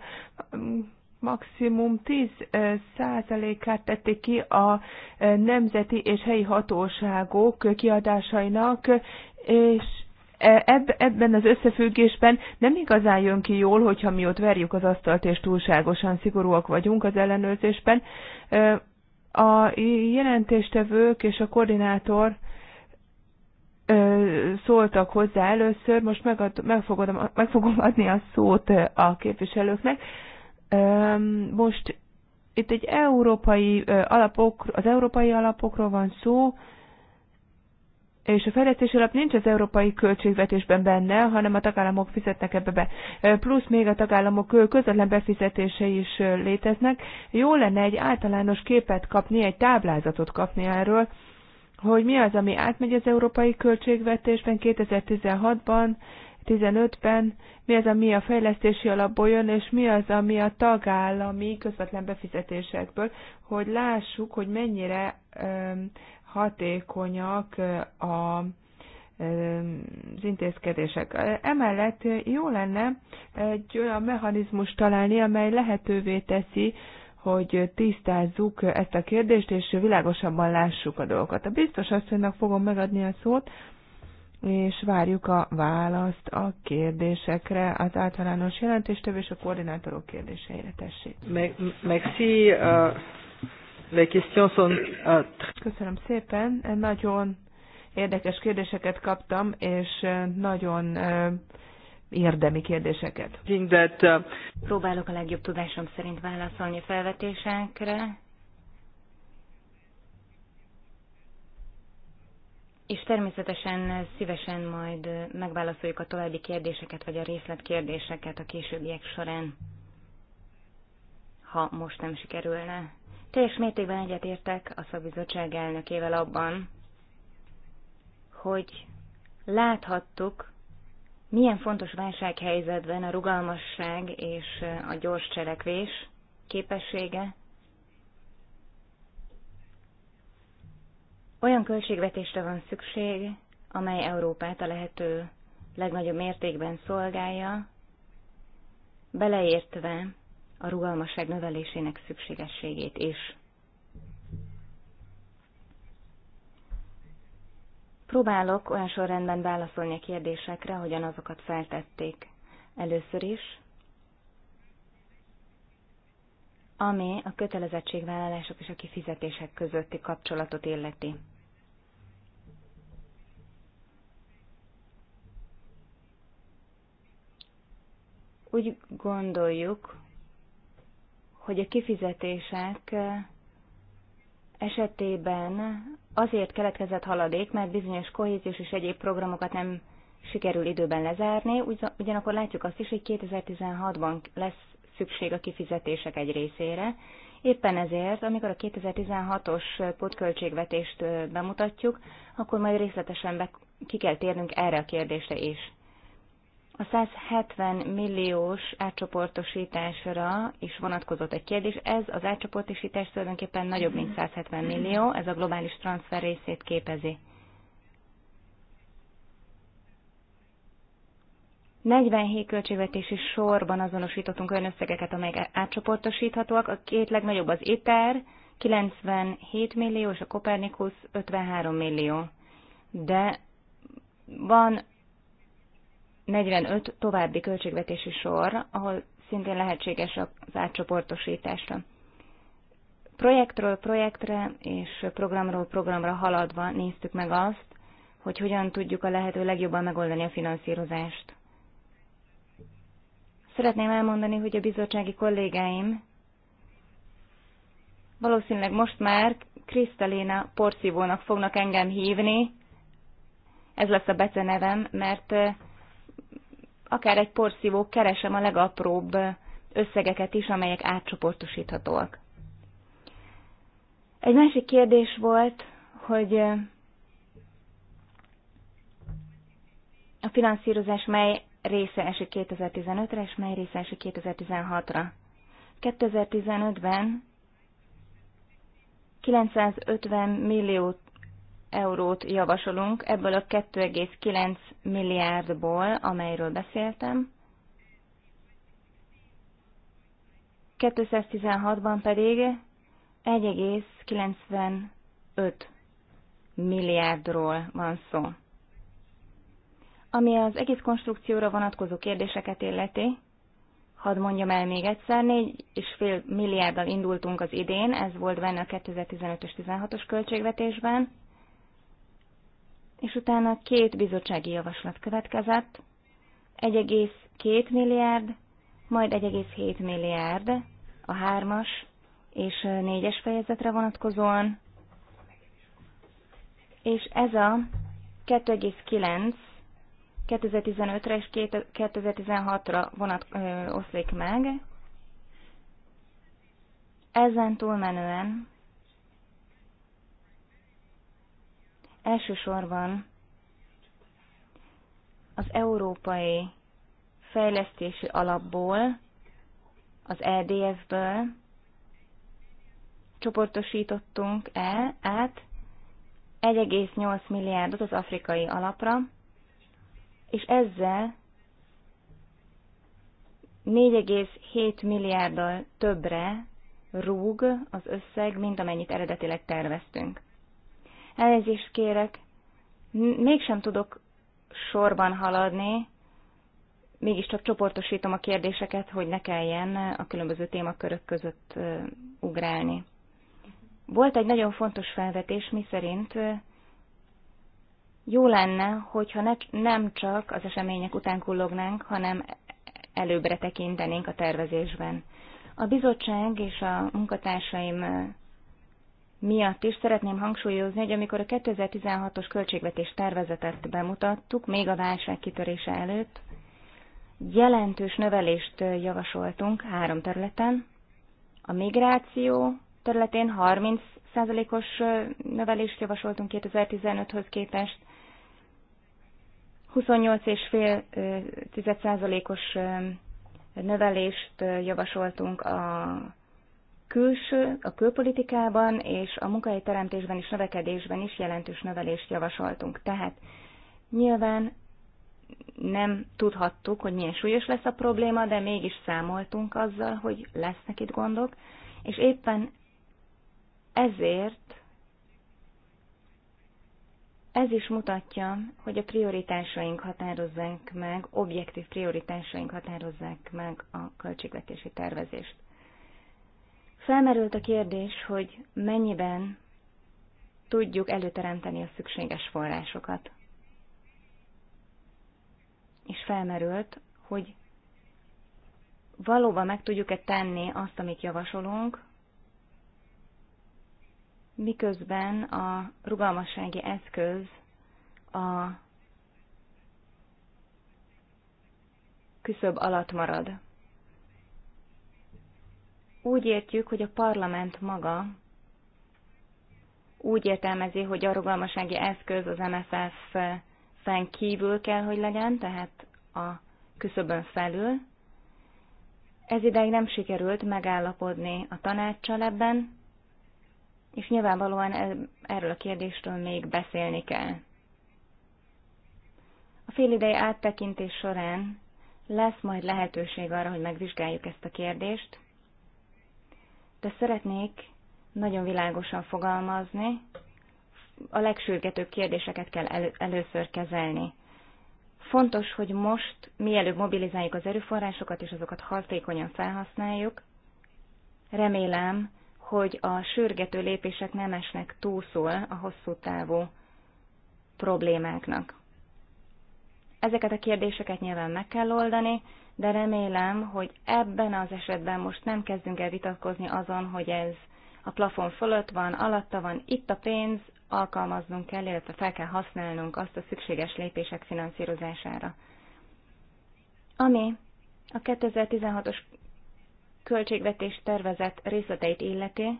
maximum 10%-át tették ki a nemzeti és helyi hatóságok kiadásainak, és E, ebben az összefüggésben nem igazán jön ki jól, hogyha mi ott verjük az asztalt, és túlságosan szigorúak vagyunk az ellenőrzésben. E, a jelentéstevők és a koordinátor e, szóltak hozzá először, most megad, meg, fogom, meg fogom adni a szót a képviselőknek. Most itt egy európai alapok, az európai alapokról van szó, és a fejlesztési alap nincs az európai költségvetésben benne, hanem a tagállamok fizetnek ebbe be. Plusz még a tagállamok közvetlen befizetése is léteznek. Jó lenne egy általános képet kapni, egy táblázatot kapni erről, hogy mi az, ami átmegy az európai költségvetésben 2016-ban, 15-ben mi az, ami a fejlesztési alapból jön, és mi az, ami a tagállami közvetlen befizetésekből, hogy lássuk, hogy mennyire hatékonyak a az intézkedések. Emellett jó lenne egy olyan mechanizmus találni, amely lehetővé teszi, hogy tisztázzuk ezt a kérdést, és világosabban lássuk a dolgokat. A biztos asszonynak fogom megadni a szót, és várjuk a választ a kérdésekre, az általános jelentéstevő és a koordinátorok kérdéseire tessék. Merci, euh, les questions sont... Euh, Köszönöm szépen, nagyon érdekes kérdéseket kaptam, és nagyon érdemi kérdéseket. Uh, Próbálok a legjobb tudásom szerint válaszolni felvetésekre. és természetesen szívesen majd megválaszoljuk a további kérdéseket, vagy a részletkérdéseket a későbbiek során, ha most nem sikerülne. Teljes mértékben egyetértek a szakbizottság elnökével abban, hogy láthattuk, milyen fontos válsághelyzetben a rugalmasság és a gyors cselekvés képessége, Olyan költségvetésre van szükség, amely Európát a lehető legnagyobb mértékben szolgálja, beleértve a rugalmasság növelésének szükségességét is. Próbálok olyan sorrendben válaszolni a kérdésekre, hogyan azokat feltették először is, ami a kötelezettségvállalások és a kifizetések közötti kapcsolatot illeti. Úgy gondoljuk, hogy a kifizetések esetében azért keletkezett haladék, mert bizonyos kohéziós és egyéb programokat nem sikerül időben lezárni, ugyanakkor látjuk azt is, hogy 2016-ban lesz szükség a kifizetések egy részére. Éppen ezért, amikor a 2016-os pótköltségvetést bemutatjuk, akkor majd részletesen be, ki kell térnünk erre a kérdésre is. A 170 milliós átcsoportosításra is vonatkozott egy kérdés. Ez az átcsoportosítás tulajdonképpen nagyobb, mint 170 millió, ez a globális transfer részét képezi. 47 költségvetési sorban azonosítottunk olyan összegeket, amelyek átcsoportosíthatóak. A két legnagyobb az ITER, 97 millió, és a Kopernikus 53 millió. De van 45 további költségvetési sor, ahol szintén lehetséges az átcsoportosításra. Projektről projektre és programról programra haladva néztük meg azt, hogy hogyan tudjuk a lehető legjobban megoldani a finanszírozást. Szeretném elmondani, hogy a bizottsági kollégáim valószínűleg most már Krisztalina Porszívónak fognak engem hívni, ez lesz a becenevem, mert akár egy porszívó keresem a legapróbb összegeket is, amelyek átcsoportosíthatóak. Egy másik kérdés volt, hogy a finanszírozás mely része esik 2015-re, és mely része esik 2016-ra. 2015-ben 950 milliót eurót javasolunk, ebből a 2,9 milliárdból, amelyről beszéltem. 216-ban pedig 1,95 milliárdról van szó. Ami az egész konstrukcióra vonatkozó kérdéseket illeti, hadd mondjam el még egyszer, 4,5 milliárddal indultunk az idén, ez volt benne a 2015 16-os költségvetésben, és utána két bizottsági javaslat következett, 1,2 milliárd, majd 1,7 milliárd a hármas és négyes fejezetre vonatkozóan, és ez a 2,9 2015-re és 2016-ra vonat, ö, oszlik meg. Ezen túlmenően Elsősorban az európai fejlesztési alapból, az EDF-ből csoportosítottunk el át 1,8 milliárdot az afrikai alapra, és ezzel 4,7 milliárddal többre rúg az összeg, mint amennyit eredetileg terveztünk. Elnézést kérek, mégsem tudok sorban haladni, mégiscsak csoportosítom a kérdéseket, hogy ne kelljen a különböző témakörök között ugrálni. Volt egy nagyon fontos felvetés, mi szerint, jó lenne, hogyha ne, nem csak az események után kullognánk, hanem előbbre tekintenénk a tervezésben. A bizottság és a munkatársaim miatt is szeretném hangsúlyozni, hogy amikor a 2016-os költségvetés tervezetet bemutattuk, még a válság kitörése előtt, jelentős növelést javasoltunk három területen. A migráció területén 30%-os növelést javasoltunk 2015-höz képest, 28,5%-os növelést javasoltunk a külső, a külpolitikában és a teremtésben és növekedésben is jelentős növelést javasoltunk. Tehát nyilván nem tudhattuk, hogy milyen súlyos lesz a probléma, de mégis számoltunk azzal, hogy lesznek itt gondok, és éppen ezért ez is mutatja, hogy a prioritásaink határozzák meg, objektív prioritásaink határozzák meg a költségvetési tervezést. Felmerült a kérdés, hogy mennyiben tudjuk előteremteni a szükséges forrásokat. És felmerült, hogy valóban meg tudjuk-e tenni azt, amit javasolunk, miközben a rugalmassági eszköz a küszöb alatt marad úgy értjük, hogy a parlament maga úgy értelmezi, hogy a rugalmasági eszköz az MFF-en kívül kell, hogy legyen, tehát a küszöbön felül. Ez ideig nem sikerült megállapodni a tanácssal ebben, és nyilvánvalóan e- erről a kérdésről még beszélni kell. A félidei áttekintés során lesz majd lehetőség arra, hogy megvizsgáljuk ezt a kérdést, de szeretnék nagyon világosan fogalmazni, a legsürgetőbb kérdéseket kell elő, először kezelni. Fontos, hogy most mielőbb mobilizáljuk az erőforrásokat, és azokat hatékonyan felhasználjuk. Remélem, hogy a sürgető lépések nem esnek túlszól a hosszú távú problémáknak. Ezeket a kérdéseket nyilván meg kell oldani, de remélem, hogy ebben az esetben most nem kezdünk el vitatkozni azon, hogy ez a plafon fölött van, alatta van, itt a pénz, alkalmaznunk kell, illetve fel kell használnunk azt a szükséges lépések finanszírozására. Ami a 2016-os költségvetés tervezett részleteit illeti,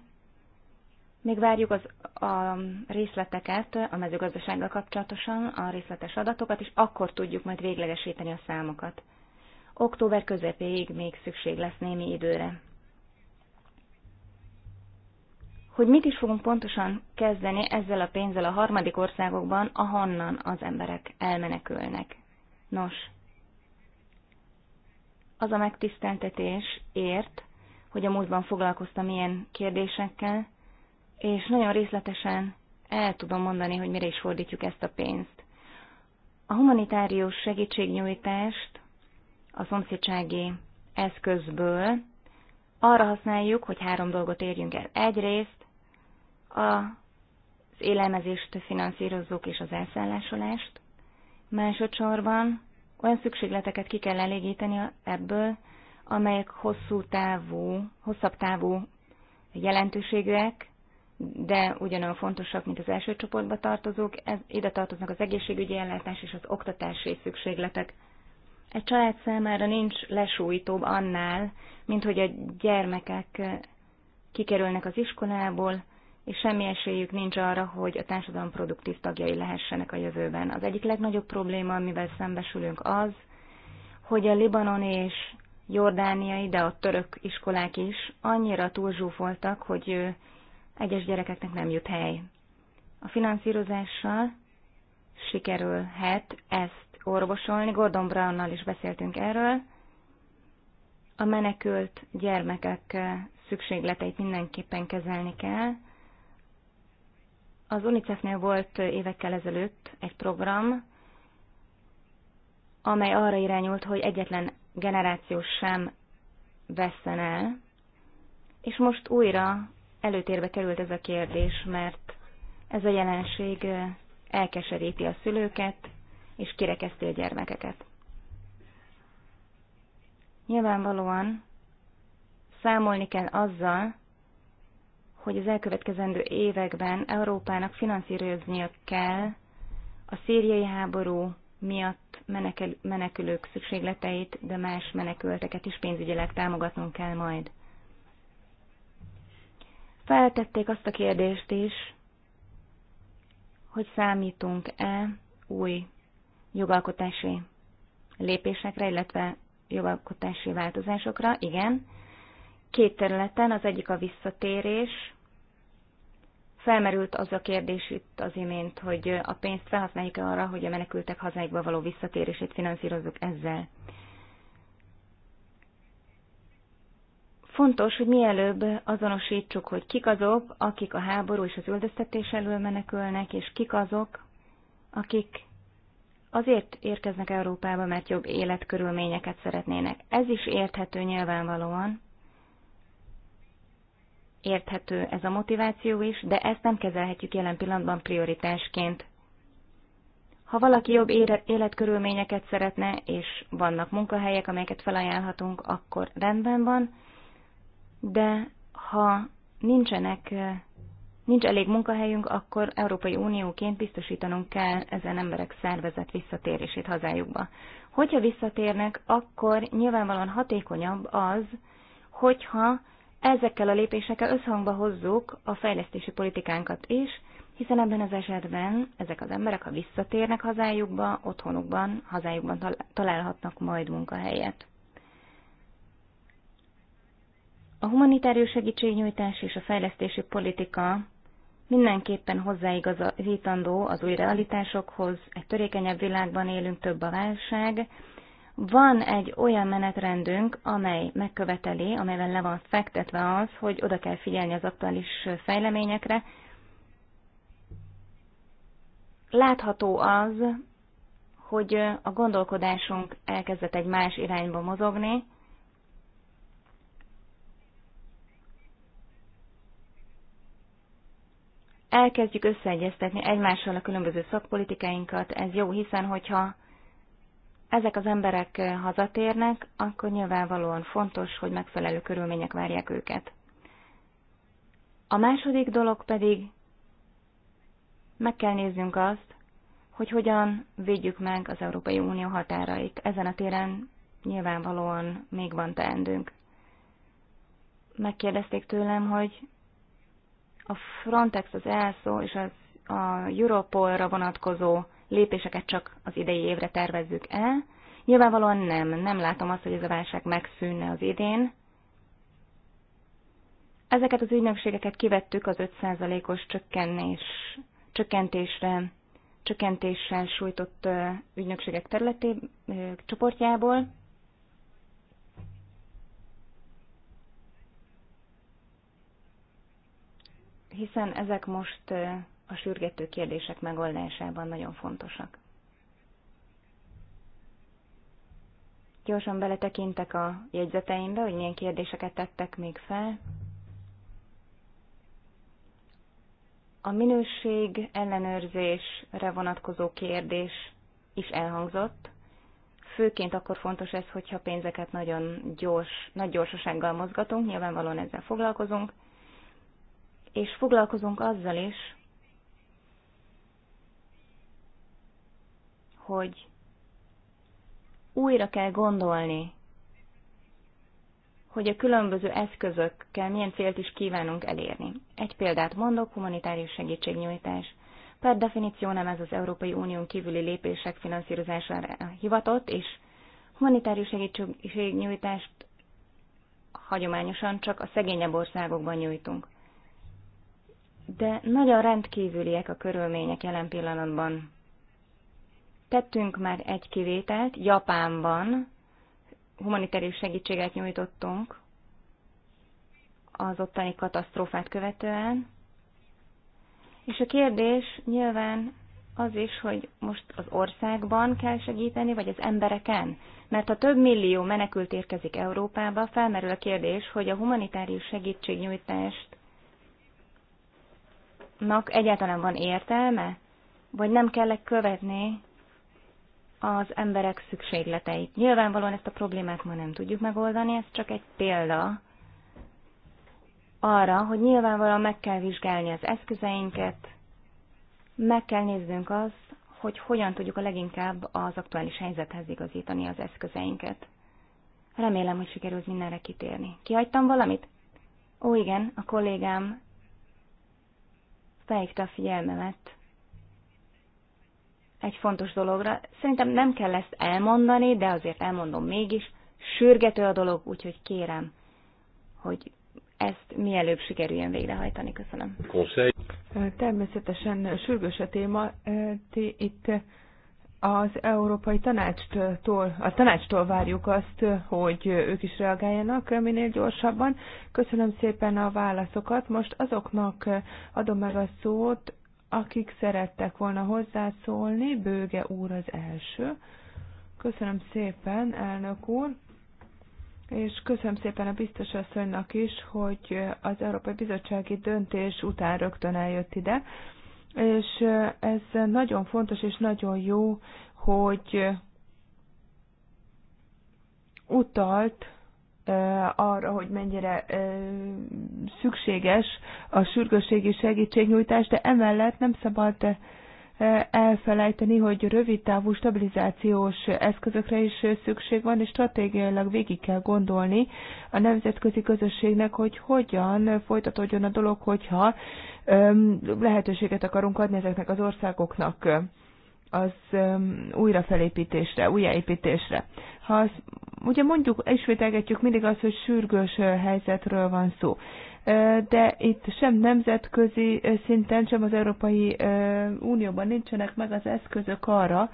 még várjuk az, a részleteket a mezőgazdasággal kapcsolatosan, a részletes adatokat, és akkor tudjuk majd véglegesíteni a számokat október közepéig még szükség lesz némi időre. Hogy mit is fogunk pontosan kezdeni ezzel a pénzzel a harmadik országokban, ahonnan az emberek elmenekülnek. Nos, az a megtiszteltetés ért, hogy a múltban foglalkoztam ilyen kérdésekkel, és nagyon részletesen el tudom mondani, hogy mire is fordítjuk ezt a pénzt. A humanitárius segítségnyújtást a szomszédsági eszközből arra használjuk, hogy három dolgot érjünk el. Egyrészt az élelmezést finanszírozzuk és az elszállásolást. Másodszorban olyan szükségleteket ki kell elégíteni ebből, amelyek hosszú távú, hosszabb távú jelentőségűek, de ugyanolyan fontosak, mint az első csoportba tartozók. Ez, ide tartoznak az egészségügyi ellátás és az oktatási szükségletek. Egy család számára nincs lesújtóbb annál, mint hogy a gyermekek kikerülnek az iskolából, és semmi esélyük nincs arra, hogy a társadalom produktív tagjai lehessenek a jövőben. Az egyik legnagyobb probléma, amivel szembesülünk az, hogy a libanon és jordániai, de a török iskolák is annyira túlzsúfoltak, hogy egyes gyerekeknek nem jut hely. A finanszírozással sikerülhet ezt orvosolni, Gordon Brownnal is beszéltünk erről. A menekült gyermekek szükségleteit mindenképpen kezelni kell. Az UNICEF-nél volt évekkel ezelőtt egy program, amely arra irányult, hogy egyetlen generáció sem vesszen el, és most újra előtérbe került ez a kérdés, mert ez a jelenség elkeseríti a szülőket, és kirekeztél gyermekeket. Nyilvánvalóan számolni kell azzal, hogy az elkövetkezendő években Európának finanszíroznia kell a szíriai háború miatt menekel, menekülők szükségleteit, de más menekülteket is pénzügyileg támogatnunk kell majd. Feltették azt a kérdést is, hogy számítunk-e új jogalkotási lépésekre, illetve jogalkotási változásokra, igen. Két területen, az egyik a visszatérés. Felmerült az a kérdés itt az imént, hogy a pénzt felhasználjuk -e arra, hogy a menekültek hazáikba való visszatérését finanszírozzuk ezzel. Fontos, hogy mielőbb azonosítsuk, hogy kik azok, akik a háború és az üldöztetés elől menekülnek, és kik azok, akik azért érkeznek Európába, mert jobb életkörülményeket szeretnének. Ez is érthető nyilvánvalóan. Érthető ez a motiváció is, de ezt nem kezelhetjük jelen pillanatban prioritásként. Ha valaki jobb életkörülményeket szeretne, és vannak munkahelyek, amelyeket felajánlhatunk, akkor rendben van, de ha nincsenek nincs elég munkahelyünk, akkor Európai Unióként biztosítanunk kell ezen emberek szervezet visszatérését hazájukba. Hogyha visszatérnek, akkor nyilvánvalóan hatékonyabb az, hogyha ezekkel a lépésekkel összhangba hozzuk a fejlesztési politikánkat is, hiszen ebben az esetben ezek az emberek, ha visszatérnek hazájukba, otthonukban, hazájukban találhatnak majd munkahelyet. A humanitárius segítségnyújtás és a fejlesztési politika Mindenképpen hozzáigazítandó az új realitásokhoz, egy törékenyebb világban élünk, több a válság. Van egy olyan menetrendünk, amely megköveteli, amelyben le van fektetve az, hogy oda kell figyelni az aktuális fejleményekre. Látható az, hogy a gondolkodásunk elkezdett egy más irányba mozogni, elkezdjük összeegyeztetni egymással a különböző szakpolitikáinkat, ez jó, hiszen hogyha ezek az emberek eh, hazatérnek, akkor nyilvánvalóan fontos, hogy megfelelő körülmények várják őket. A második dolog pedig meg kell néznünk azt, hogy hogyan védjük meg az Európai Unió határait. Ezen a téren nyilvánvalóan még van teendünk. Megkérdezték tőlem, hogy a Frontex, az ELSZO és az, a Europolra vonatkozó lépéseket csak az idei évre tervezzük el. Nyilvánvalóan nem. Nem látom azt, hogy ez a válság megszűnne az idén. Ezeket az ügynökségeket kivettük az 5%-os csökkenés, csökkentésre, csökkentéssel sújtott ügynökségek területé csoportjából. hiszen ezek most a sürgető kérdések megoldásában nagyon fontosak. Gyorsan beletekintek a jegyzeteimbe, hogy milyen kérdéseket tettek még fel. A minőség ellenőrzésre vonatkozó kérdés is elhangzott. Főként akkor fontos ez, hogyha pénzeket nagyon gyors, nagy gyorsasággal mozgatunk, nyilvánvalóan ezzel foglalkozunk és foglalkozunk azzal is, hogy újra kell gondolni, hogy a különböző eszközökkel milyen célt is kívánunk elérni. Egy példát mondok, humanitárius segítségnyújtás. Per definíció nem ez az Európai Unión kívüli lépések finanszírozására hivatott, és humanitárius segítségnyújtást hagyományosan csak a szegényebb országokban nyújtunk de nagyon rendkívüliek a körülmények jelen pillanatban. Tettünk már egy kivételt, Japánban humanitárius segítséget nyújtottunk az ottani katasztrófát követően, és a kérdés nyilván az is, hogy most az országban kell segíteni, vagy az embereken. Mert ha több millió menekült érkezik Európába, felmerül a kérdés, hogy a humanitárius segítségnyújtást nak egyáltalán van értelme? Vagy nem kell követni az emberek szükségleteit? Nyilvánvalóan ezt a problémát ma nem tudjuk megoldani, ez csak egy példa arra, hogy nyilvánvalóan meg kell vizsgálni az eszközeinket, meg kell néznünk az, hogy hogyan tudjuk a leginkább az aktuális helyzethez igazítani az eszközeinket. Remélem, hogy sikerült mindenre kitérni. Kihagytam valamit? Ó, igen, a kollégám felhívta a figyelmemet egy fontos dologra. Szerintem nem kell ezt elmondani, de azért elmondom mégis. Sürgető a dolog, úgyhogy kérem, hogy ezt mielőbb sikerüljön végrehajtani. Köszönöm. Természetesen sürgős a téma. Ti itt az Európai Tanácstól, a tanácstól várjuk azt, hogy ők is reagáljanak minél gyorsabban. Köszönöm szépen a válaszokat. Most azoknak adom meg a szót, akik szerettek volna hozzászólni. Bőge úr az első. Köszönöm szépen, elnök úr. És köszönöm szépen a biztos asszonynak is, hogy az Európai Bizottsági Döntés után rögtön eljött ide. És ez nagyon fontos és nagyon jó, hogy utalt arra, hogy mennyire szükséges a sürgősségi segítségnyújtás, de emellett nem szabad elfelejteni, hogy rövid távú stabilizációs eszközökre is szükség van, és stratégiailag végig kell gondolni a nemzetközi közösségnek, hogy hogyan folytatódjon a dolog, hogyha lehetőséget akarunk adni ezeknek az országoknak az újrafelépítésre, újjáépítésre. Ha az, ugye mondjuk, ismételgetjük mindig azt, hogy sürgős helyzetről van szó de itt sem nemzetközi szinten, sem az Európai Unióban nincsenek meg az eszközök arra,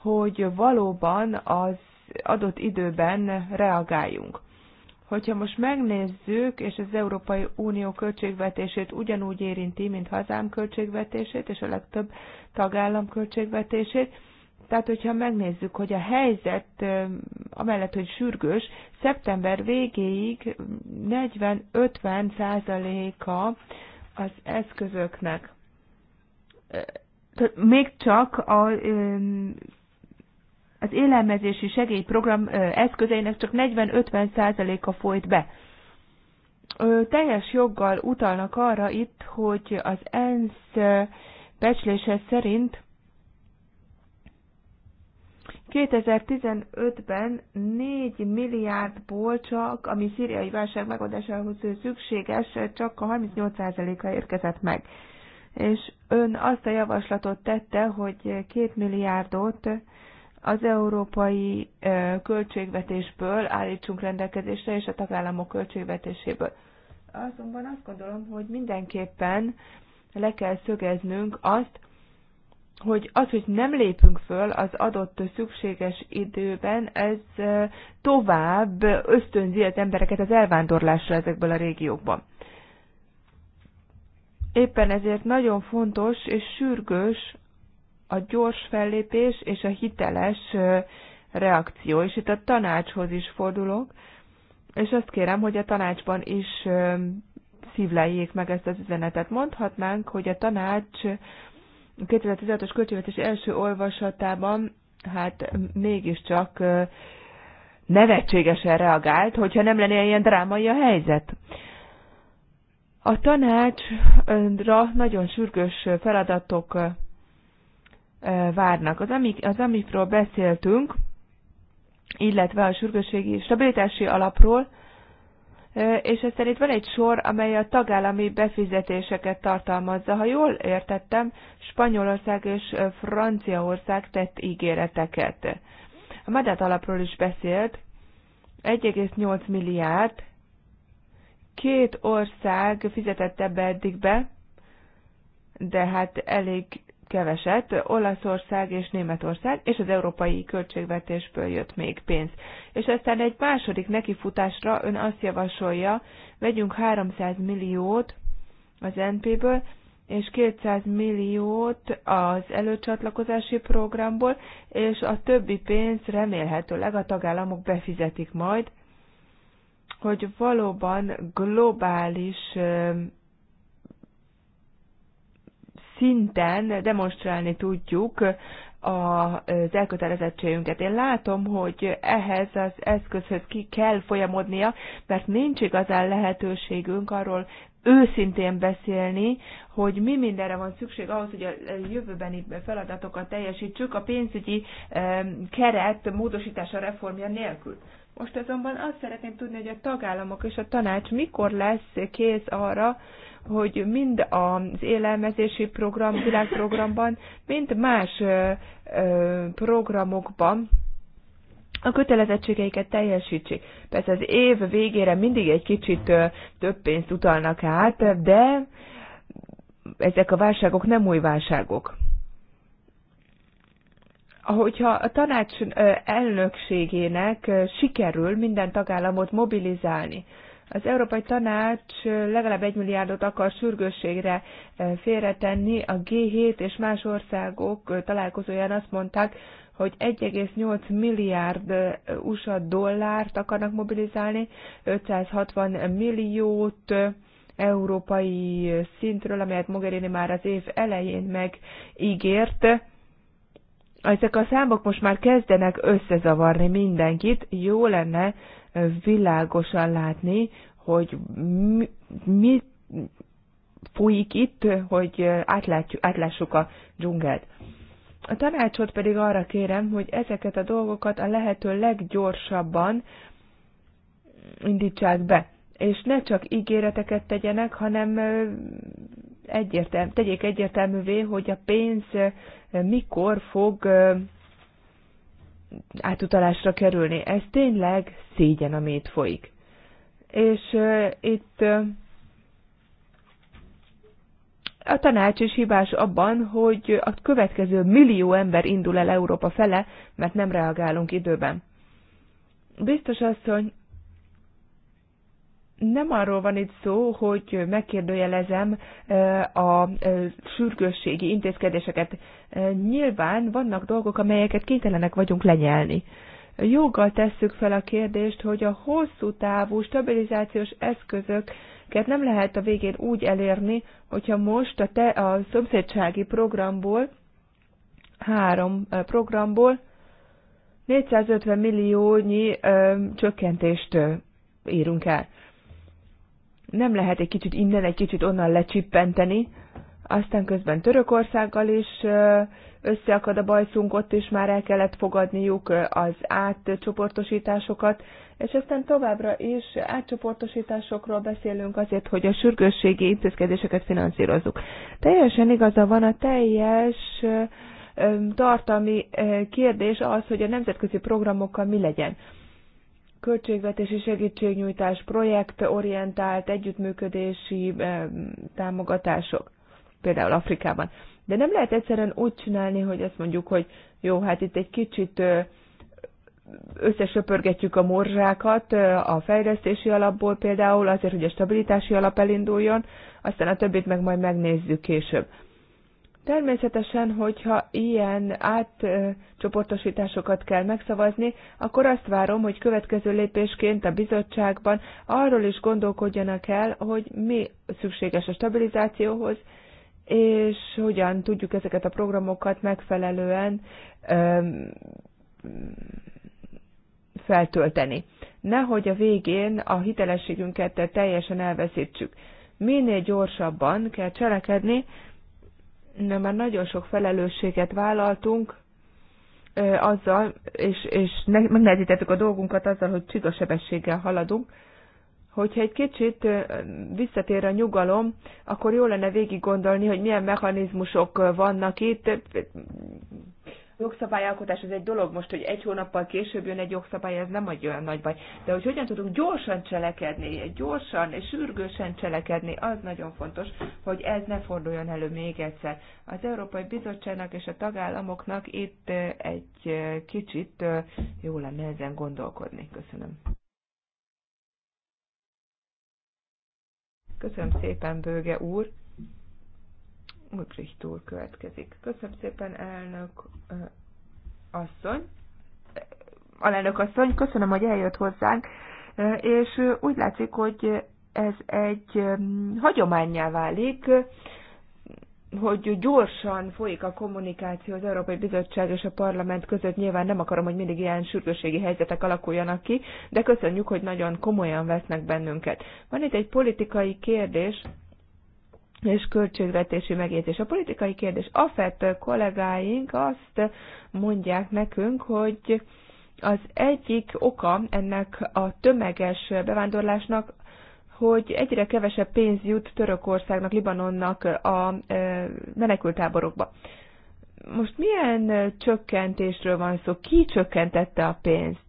hogy valóban az adott időben reagáljunk. Hogyha most megnézzük, és az Európai Unió költségvetését ugyanúgy érinti, mint hazám költségvetését, és a legtöbb tagállam költségvetését, tehát, hogyha megnézzük, hogy a helyzet, amellett, hogy sürgős, szeptember végéig 40-50 százaléka az eszközöknek még csak a, az élelmezési segélyprogram eszközeinek csak 40-50 százaléka folyt be. Teljes joggal utalnak arra itt, hogy az ENSZ becslése szerint 2015-ben 4 milliárdból csak, ami szíriai válság megoldásához szükséges, csak a 38%-a érkezett meg. És ön azt a javaslatot tette, hogy 2 milliárdot az európai költségvetésből állítsunk rendelkezésre, és a tagállamok költségvetéséből. Azonban azt gondolom, hogy mindenképpen le kell szögeznünk azt, hogy az, hogy nem lépünk föl az adott szükséges időben, ez tovább ösztönzi az embereket az elvándorlásra ezekből a régiókban. Éppen ezért nagyon fontos és sürgős a gyors fellépés és a hiteles reakció. És itt a tanácshoz is fordulok, és azt kérem, hogy a tanácsban is szívleljék meg ezt az üzenetet. Mondhatnánk, hogy a tanács 2016-os költségvetés első olvasatában hát mégiscsak nevetségesen reagált, hogyha nem lenne ilyen drámai a helyzet. A tanácsra nagyon sürgős feladatok várnak. Az, amik, az amikről beszéltünk, illetve a sürgősségi stabilitási alapról, és ez itt van egy sor, amely a tagállami befizetéseket tartalmazza. Ha jól értettem, Spanyolország és Franciaország tett ígéreteket. A Madat alapról is beszélt, 1,8 milliárd, két ország fizetette be eddig be, de hát elég keveset, Olaszország és Németország, és az európai költségvetésből jött még pénz. És aztán egy második nekifutásra ön azt javasolja, vegyünk 300 milliót az NP-ből, és 200 milliót az előcsatlakozási programból, és a többi pénz remélhetőleg a tagállamok befizetik majd, hogy valóban globális szinten demonstrálni tudjuk az elkötelezettségünket. Én látom, hogy ehhez az eszközhöz ki kell folyamodnia, mert nincs igazán lehetőségünk arról őszintén beszélni, hogy mi mindenre van szükség ahhoz, hogy a jövőbeni feladatokat teljesítsük a pénzügyi keret módosítása reformja nélkül. Most azonban azt szeretném tudni, hogy a tagállamok és a tanács mikor lesz kész arra, hogy mind az élelmezési program, világprogramban, mind más programokban a kötelezettségeiket teljesítsék. Persze az év végére mindig egy kicsit több pénzt utalnak át, de ezek a válságok nem új válságok hogyha a tanács elnökségének sikerül minden tagállamot mobilizálni, az Európai Tanács legalább egy milliárdot akar sürgősségre félretenni. A G7 és más országok találkozóján azt mondták, hogy 1,8 milliárd USA dollárt akarnak mobilizálni, 560 milliót európai szintről, amelyet Mogherini már az év elején megígért. Ezek a számok most már kezdenek összezavarni mindenkit. Jó lenne, világosan látni, hogy mi, mi folyik itt, hogy átlátjuk, átlássuk a dzsungelt. A tanácsot pedig arra kérem, hogy ezeket a dolgokat a lehető leggyorsabban indítsák be. És ne csak ígéreteket tegyenek, hanem egyértelmű, tegyék egyértelművé, hogy a pénz mikor fog átutalásra kerülni. Ez tényleg szégyen, ami itt folyik. És uh, itt uh, a tanács is hibás abban, hogy a következő millió ember indul el Európa fele, mert nem reagálunk időben. Biztos asszony, nem arról van itt szó, hogy megkérdőjelezem a sürgősségi intézkedéseket. Nyilván vannak dolgok, amelyeket kénytelenek vagyunk lenyelni. Joggal tesszük fel a kérdést, hogy a hosszú távú stabilizációs eszközöket nem lehet a végén úgy elérni, hogyha most a, te, a szomszédsági programból, három programból 450 milliónyi ö, csökkentést írunk el nem lehet egy kicsit innen, egy kicsit onnan lecsippenteni, aztán közben Törökországgal is összeakad a bajszunk, ott is már el kellett fogadniuk az átcsoportosításokat, és aztán továbbra is átcsoportosításokról beszélünk azért, hogy a sürgősségi intézkedéseket finanszírozzuk. Teljesen igaza van a teljes tartalmi kérdés az, hogy a nemzetközi programokkal mi legyen költségvetési segítségnyújtás, projektorientált együttműködési támogatások, például Afrikában. De nem lehet egyszerűen úgy csinálni, hogy azt mondjuk, hogy jó, hát itt egy kicsit összesöpörgetjük a morzsákat a fejlesztési alapból például, azért, hogy a stabilitási alap elinduljon, aztán a többit meg majd megnézzük később. Természetesen, hogyha ilyen átcsoportosításokat kell megszavazni, akkor azt várom, hogy következő lépésként a bizottságban arról is gondolkodjanak el, hogy mi szükséges a stabilizációhoz, és hogyan tudjuk ezeket a programokat megfelelően öm, feltölteni. Nehogy a végén a hitelességünket teljesen elveszítsük. Minél gyorsabban kell cselekedni, már nagyon sok felelősséget vállaltunk azzal, és, és megnehezítettük a dolgunkat azzal, hogy csiga sebességgel haladunk. Hogyha egy kicsit visszatér a nyugalom, akkor jó lenne végig gondolni, hogy milyen mechanizmusok vannak itt jogszabályalkotás az egy dolog, most, hogy egy hónappal később jön egy jogszabály, ez nem egy olyan nagy baj. De hogy hogyan tudunk gyorsan cselekedni, gyorsan és sürgősen cselekedni, az nagyon fontos, hogy ez ne forduljon elő még egyszer. Az Európai Bizottságnak és a tagállamoknak itt egy kicsit jó lenne ezen gondolkodni. Köszönöm. Köszönöm szépen, Bőge úr. Ulbricht úr következik. Köszönöm szépen, elnök asszony. Alelnök asszony, köszönöm, hogy eljött hozzánk, és úgy látszik, hogy ez egy hagyományá válik, hogy gyorsan folyik a kommunikáció az Európai Bizottság és a Parlament között. Nyilván nem akarom, hogy mindig ilyen sürgőségi helyzetek alakuljanak ki, de köszönjük, hogy nagyon komolyan vesznek bennünket. Van itt egy politikai kérdés, és költségvetési megjegyzés. A politikai kérdés. AFET kollégáink azt mondják nekünk, hogy az egyik oka ennek a tömeges bevándorlásnak, hogy egyre kevesebb pénz jut Törökországnak, Libanonnak a e, menekültáborokba. Most milyen csökkentésről van szó? Ki csökkentette a pénzt?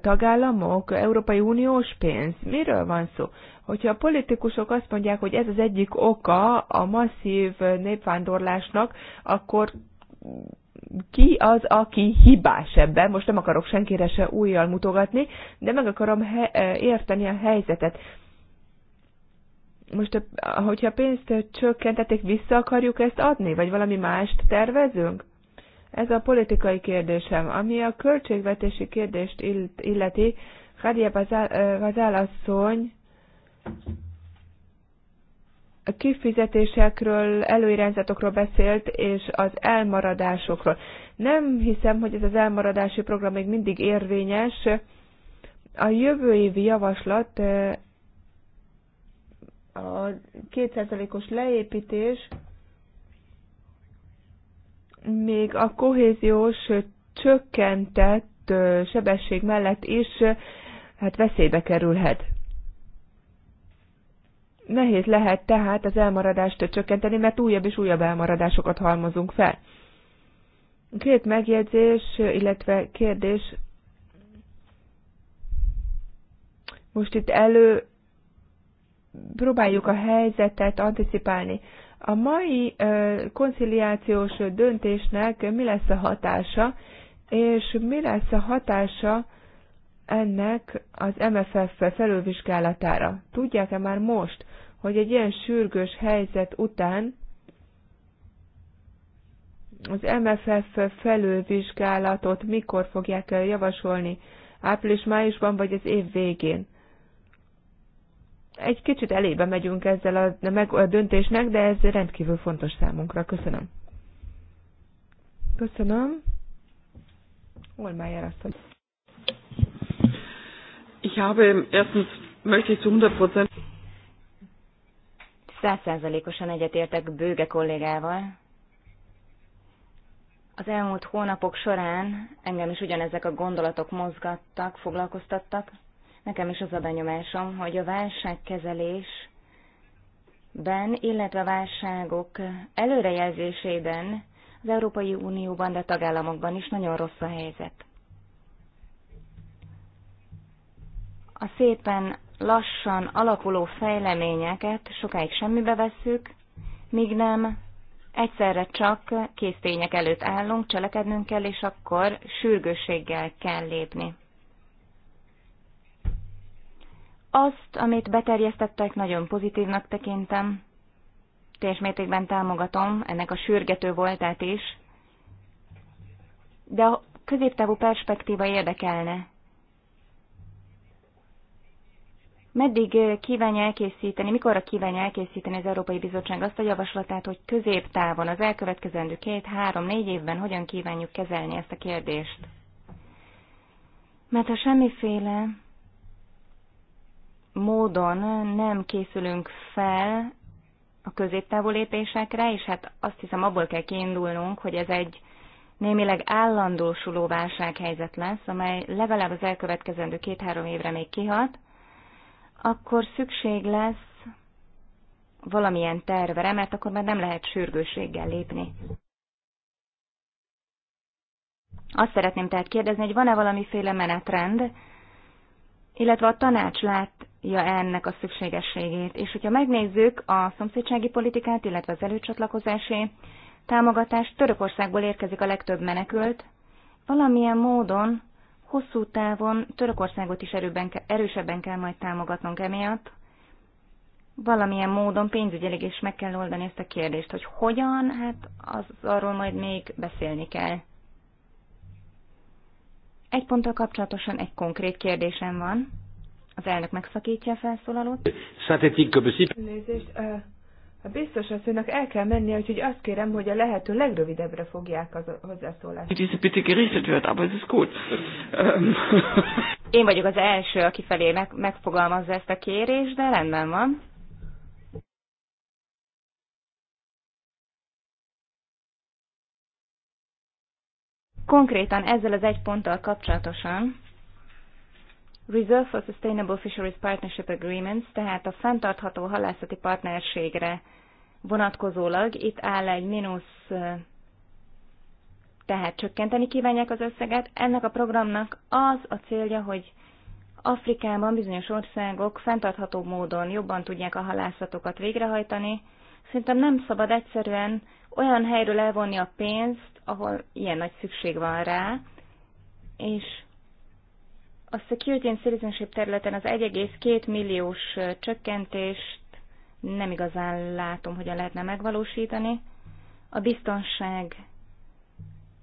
tagállamok, Európai Uniós pénz. Miről van szó? Hogyha a politikusok azt mondják, hogy ez az egyik oka a masszív népvándorlásnak, akkor ki az, aki hibás ebben? Most nem akarok senkire se újjal mutogatni, de meg akarom eh, érteni a helyzetet. Most, hogyha pénzt csökkentették, vissza akarjuk ezt adni, vagy valami mást tervezünk? Ez a politikai kérdésem. Ami a költségvetési kérdést illeti, Hadia Gazál a kifizetésekről, előirányzatokról beszélt, és az elmaradásokról. Nem hiszem, hogy ez az elmaradási program még mindig érvényes. A jövő évi javaslat a kétszerzalékos leépítés még a kohéziós csökkentett sebesség mellett is hát veszélybe kerülhet. Nehéz lehet tehát az elmaradást csökkenteni, mert újabb és újabb elmaradásokat halmozunk fel. Két megjegyzés, illetve kérdés. Most itt elő próbáljuk a helyzetet anticipálni. A mai konciliációs döntésnek mi lesz a hatása, és mi lesz a hatása ennek az MFF felülvizsgálatára? Tudják-e már most, hogy egy ilyen sürgős helyzet után az MFF felülvizsgálatot mikor fogják javasolni? Április-májusban vagy az év végén? egy kicsit elébe megyünk ezzel a, meg, a döntésnek, de ez rendkívül fontos számunkra. Köszönöm. Köszönöm. Olmájár asszony. Ich habe erstens möchte ich zu 100 Százszerzelékosan egyetértek bőge kollégával. Az elmúlt hónapok során engem is ugyanezek a gondolatok mozgattak, foglalkoztattak. Nekem is az a benyomásom, hogy a válságkezelésben, illetve a válságok előrejelzésében az Európai Unióban, de a tagállamokban is nagyon rossz a helyzet. A szépen lassan alakuló fejleményeket sokáig semmibe vesszük, míg nem egyszerre csak tények előtt állunk, cselekednünk kell, és akkor sürgősséggel kell lépni. Azt, amit beterjesztettek, nagyon pozitívnak tekintem. Teljes mértékben támogatom ennek a sürgető voltát is. De a középtávú perspektíva érdekelne. Meddig eh, kívánja elkészíteni, mikorra kívánja elkészíteni az Európai Bizottság azt a javaslatát, hogy középtávon, az elkövetkezendő két, három, négy évben hogyan kívánjuk kezelni ezt a kérdést? Mert ha semmiféle módon nem készülünk fel a középtávú lépésekre, és hát azt hiszem abból kell kiindulnunk, hogy ez egy némileg állandósuló válsághelyzet lesz, amely legalább az elkövetkezendő két-három évre még kihat, akkor szükség lesz valamilyen tervere, mert akkor már nem lehet sürgőséggel lépni. Azt szeretném tehát kérdezni, hogy van-e valamiféle menetrend, illetve a tanács lát ennek a szükségességét. És hogyha megnézzük a szomszédsági politikát, illetve az előcsatlakozási támogatást, Törökországból érkezik a legtöbb menekült, valamilyen módon hosszú távon Törökországot is erőben, erősebben kell majd támogatnunk emiatt. Valamilyen módon pénzügyileg is meg kell oldani ezt a kérdést, hogy hogyan, hát az, arról majd még beszélni kell. Egy ponttal kapcsolatosan egy konkrét kérdésem van. Az elnök megszakítja a felszólalót. Nézést, a biztos asszonynak el kell mennie, úgyhogy azt kérem, hogy a lehető legrövidebbre fogják az hozzászólást. bitte gerichtet wird, aber es ist gut. Ähm. Én vagyok az első, aki felé meg, megfogalmazza ezt a kérést, de rendben van. Konkrétan ezzel az egy ponttal kapcsolatosan Reserve for Sustainable Fisheries Partnership Agreements, tehát a fenntartható halászati partnerségre vonatkozólag itt áll egy mínusz, tehát csökkenteni kívánják az összeget. Ennek a programnak az a célja, hogy Afrikában bizonyos országok fenntartható módon jobban tudják a halászatokat végrehajtani. Szerintem nem szabad egyszerűen olyan helyről elvonni a pénzt, ahol ilyen nagy szükség van rá, és a Security and Citizenship területen az 1,2 milliós csökkentést nem igazán látom, hogyan lehetne megvalósítani. A biztonság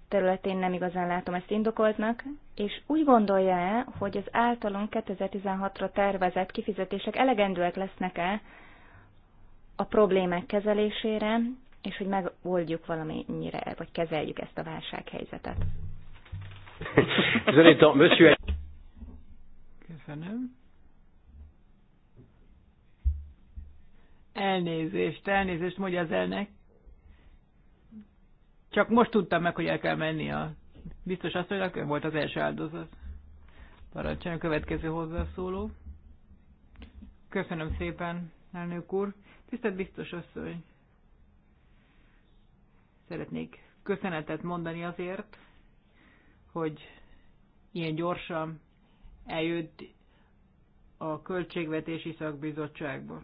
területén nem igazán látom ezt indokoltnak, és úgy gondolja-e, hogy az általunk 2016-ra tervezett kifizetések elegendőek lesznek-e a problémák kezelésére, és hogy megoldjuk valamennyire, vagy kezeljük ezt a válsághelyzetet? Köszönöm. Elnézést, elnézést, mondja az elnek. Csak most tudtam meg, hogy el kell menni a biztos asszonynak, ő volt az első áldozat. Parancsoljon a következő hozzászóló. Köszönöm szépen, elnök úr. Tisztelt biztos asszony, szeretnék köszönetet mondani azért, hogy ilyen gyorsan eljött a Költségvetési Szakbizottságba.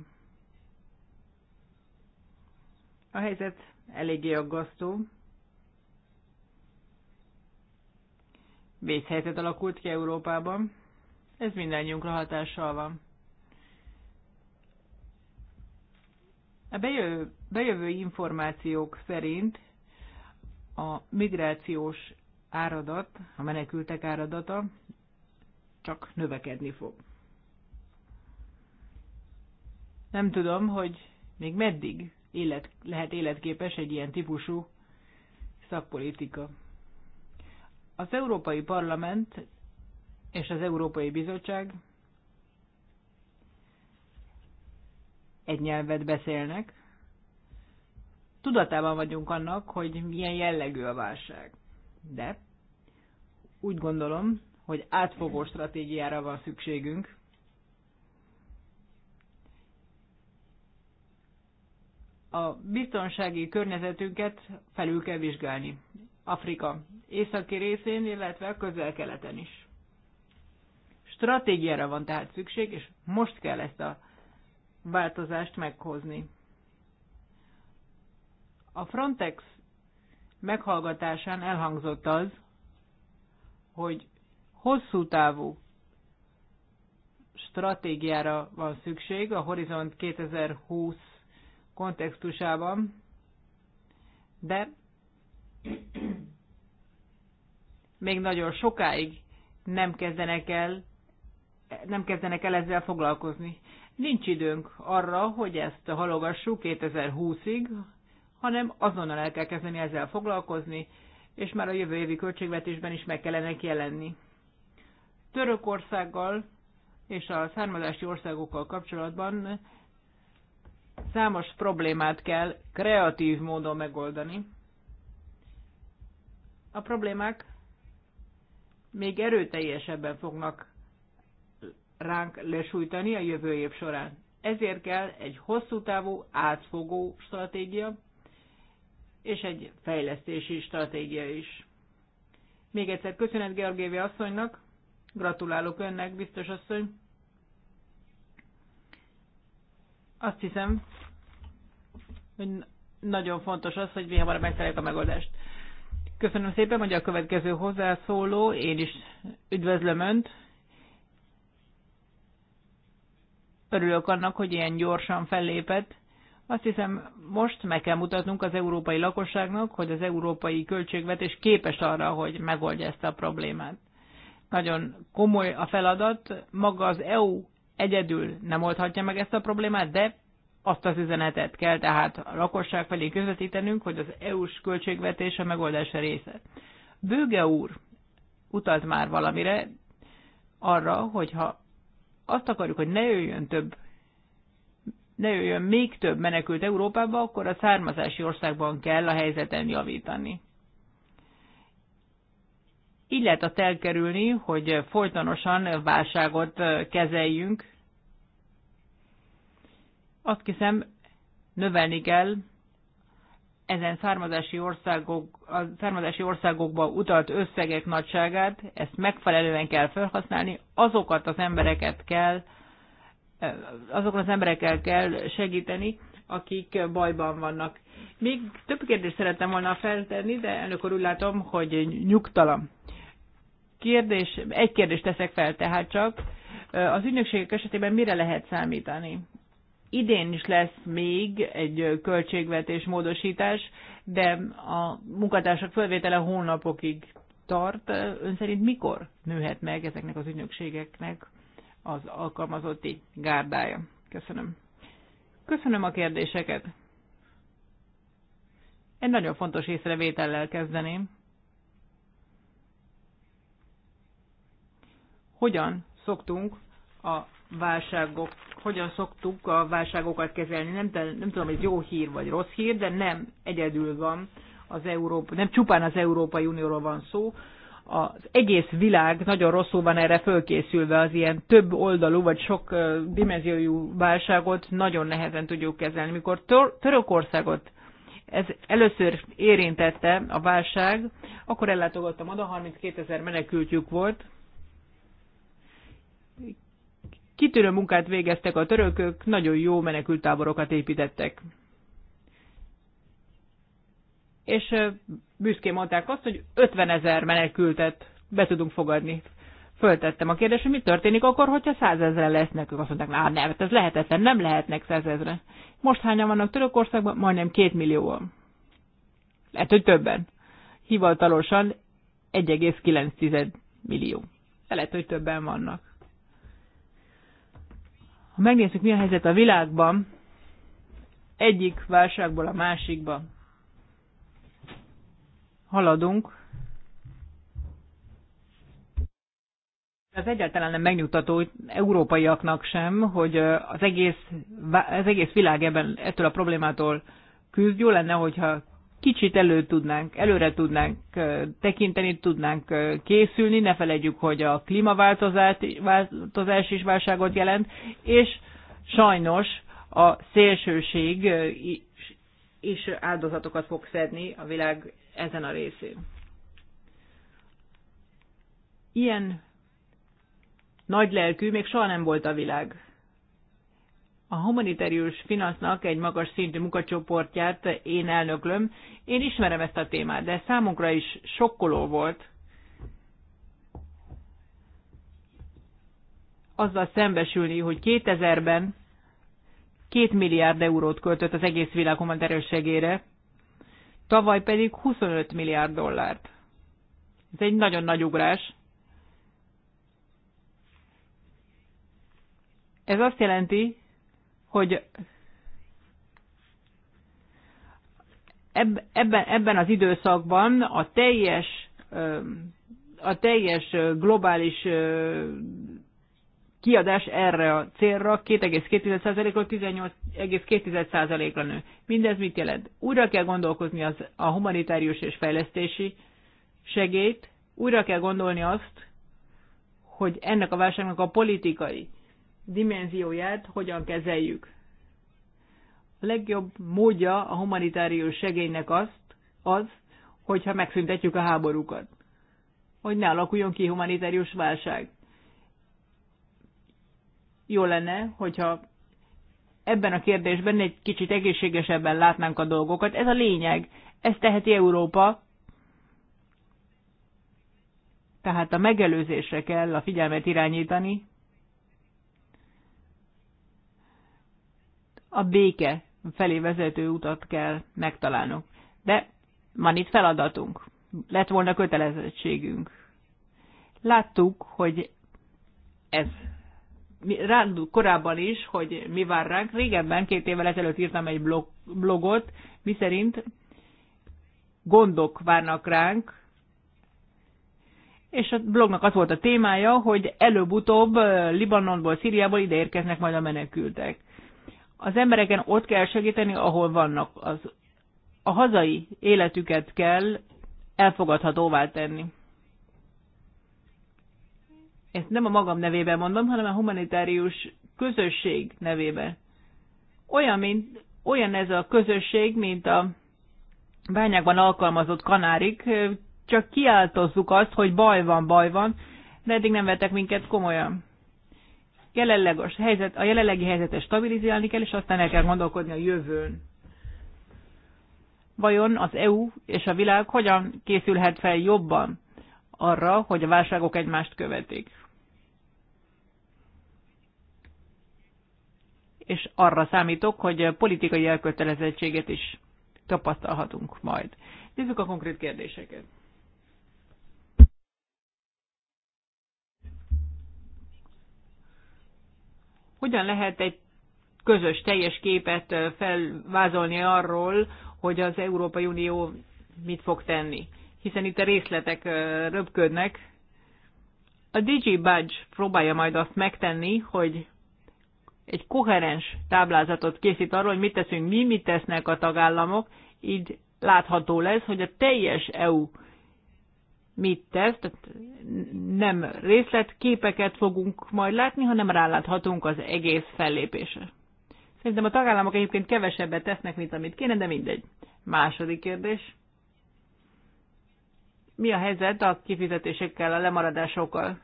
A helyzet eléggé aggasztó. Vészhelyzet alakult ki Európában. Ez mindannyiunkra hatással van. A bejövő, bejövő információk szerint a migrációs áradat, a menekültek áradata csak növekedni fog. Nem tudom, hogy még meddig élet, lehet életképes egy ilyen típusú szakpolitika. Az Európai Parlament és az Európai Bizottság egy nyelvet beszélnek. Tudatában vagyunk annak, hogy milyen jellegű a válság. De úgy gondolom, hogy átfogó stratégiára van szükségünk. A biztonsági környezetünket felül kell vizsgálni. Afrika északi részén, illetve a közel-keleten is. Stratégiára van tehát szükség, és most kell ezt a változást meghozni. A Frontex meghallgatásán elhangzott az, hogy hosszú távú stratégiára van szükség a Horizont 2020 kontextusában, de még nagyon sokáig nem kezdenek el nem kezdenek el ezzel foglalkozni. Nincs időnk arra, hogy ezt halogassuk 2020-ig, hanem azonnal el kell kezdeni ezzel foglalkozni, és már a jövő évi költségvetésben is meg kellene jelenni. Törökországgal és a származási országokkal kapcsolatban számos problémát kell kreatív módon megoldani. A problémák még erőteljesebben fognak ránk lesújtani a jövő év során. Ezért kell egy hosszú távú, átfogó stratégia, és egy fejlesztési stratégia is. Még egyszer köszönet Georgévi asszonynak, Gratulálok önnek, biztos asszony. Azt hiszem, hogy nagyon fontos az, hogy mi hamarabb megtaláljuk a megoldást. Köszönöm szépen, hogy a következő hozzászóló, én is üdvözlöm Önt. Örülök annak, hogy ilyen gyorsan fellépett. Azt hiszem, most meg kell mutatnunk az európai lakosságnak, hogy az európai költségvetés képes arra, hogy megoldja ezt a problémát nagyon komoly a feladat, maga az EU egyedül nem oldhatja meg ezt a problémát, de azt az üzenetet kell tehát a lakosság felé közvetítenünk, hogy az EU-s költségvetés a megoldása része. Bőge úr utalt már valamire arra, hogyha azt akarjuk, hogy ne jöjjön több ne jöjjön még több menekült Európába, akkor a származási országban kell a helyzeten javítani. Így lehet azt elkerülni, hogy folytonosan válságot kezeljünk. Azt hiszem, növelni kell ezen származási, országok, a származási országokba utalt összegek nagyságát, ezt megfelelően kell felhasználni, azokat az embereket kell, azokat az emberekkel kell segíteni, akik bajban vannak. Még több kérdést szerettem volna feltenni, de elnök úr úgy látom, hogy nyugtalan kérdés, egy kérdést teszek fel tehát csak. Az ügynökségek esetében mire lehet számítani? Idén is lesz még egy költségvetés módosítás, de a munkatársak fölvétele hónapokig tart. Ön szerint mikor nőhet meg ezeknek az ügynökségeknek az alkalmazotti gárdája? Köszönöm. Köszönöm a kérdéseket. Egy nagyon fontos észrevétellel kezdeném. hogyan szoktunk a válságok, hogyan szoktuk a válságokat kezelni. Nem, nem tudom, ez jó hír vagy rossz hír, de nem egyedül van az Európa, nem csupán az Európai Unióról van szó, az egész világ nagyon rosszul van erre fölkészülve, az ilyen több oldalú vagy sok dimenziójú válságot nagyon nehezen tudjuk kezelni. Mikor Tör- Törökországot ez először érintette a válság, akkor ellátogattam oda, 32 ezer menekültjük volt, kitűnő munkát végeztek a törökök, nagyon jó menekültáborokat építettek. És büszkén mondták azt, hogy 50 ezer menekültet be tudunk fogadni. Föltettem a kérdést, hogy mi történik akkor, hogyha százezre lesznek. Ők azt mondták, hát nem, ez lehetetlen, nem lehetnek százezre. Most hányan vannak Törökországban? Majdnem két millióan. Lehet, hogy többen. Hivatalosan 1,9 millió. lehet, hogy többen vannak. Ha megnézzük, mi a helyzet a világban, egyik válságból a másikba haladunk, Ez egyáltalán nem megnyugtató európaiaknak sem, hogy az egész, az egész világ ebben, ettől a problémától küzd. Jó lenne, hogyha kicsit elő tudnánk, előre tudnánk tekinteni, tudnánk készülni, ne felejtjük, hogy a klímaváltozás is válságot jelent, és sajnos a szélsőség is áldozatokat fog szedni a világ ezen a részén. Ilyen nagy lelkű még soha nem volt a világ a humanitárius finansznak egy magas szintű munkacsoportját én elnöklöm. Én ismerem ezt a témát, de számunkra is sokkoló volt azzal szembesülni, hogy 2000-ben 2 milliárd eurót költött az egész világ humanitárius tavaly pedig 25 milliárd dollárt. Ez egy nagyon nagy ugrás. Ez azt jelenti, hogy ebben, ebben az időszakban a teljes, a teljes globális kiadás erre a célra 2,2%-ról 18,2%-ra nő. Mindez mit jelent? Újra kell gondolkozni az, a humanitárius és fejlesztési segélyt, újra kell gondolni azt, hogy ennek a válságnak a politikai dimenzióját hogyan kezeljük. A legjobb módja a humanitárius segélynek azt, az, hogyha megszüntetjük a háborúkat. Hogy ne alakuljon ki humanitárius válság. Jó lenne, hogyha ebben a kérdésben egy kicsit egészségesebben látnánk a dolgokat. Ez a lényeg. Ezt teheti Európa. Tehát a megelőzésre kell a figyelmet irányítani, a béke felé vezető utat kell megtalálnunk. De van itt feladatunk, lett volna kötelezettségünk. Láttuk, hogy ez ránk korábban is, hogy mi vár ránk. Régebben, két évvel ezelőtt írtam egy blog, blogot, miszerint gondok várnak ránk, és a blognak az volt a témája, hogy előbb-utóbb Libanonból, Szíriából ide érkeznek majd a menekültek. Az embereken ott kell segíteni, ahol vannak. Az, a hazai életüket kell elfogadhatóvá tenni. Ezt nem a magam nevében mondom, hanem a humanitárius közösség nevében. Olyan, mint, olyan ez a közösség, mint a bányákban alkalmazott kanárik, csak kiáltozzuk azt, hogy baj van, baj van, de eddig nem vettek minket komolyan jelenleg a, helyzet, a jelenlegi helyzetet stabilizálni kell, és aztán el kell gondolkodni a jövőn. Vajon az EU és a világ hogyan készülhet fel jobban arra, hogy a válságok egymást követik? És arra számítok, hogy politikai elkötelezettséget is tapasztalhatunk majd. Nézzük a konkrét kérdéseket. Hogyan lehet egy közös, teljes képet felvázolni arról, hogy az Európai Unió mit fog tenni? Hiszen itt a részletek röpködnek. A DG Budge próbálja majd azt megtenni, hogy egy koherens táblázatot készít arról, hogy mit teszünk mi, mit tesznek a tagállamok, így látható lesz, hogy a teljes EU mit tesz, tehát nem részletképeket fogunk majd látni, hanem ráláthatunk az egész fellépésre. Szerintem a tagállamok egyébként kevesebbet tesznek, mint amit kéne, de mindegy. Második kérdés. Mi a helyzet a kifizetésekkel, a lemaradásokkal?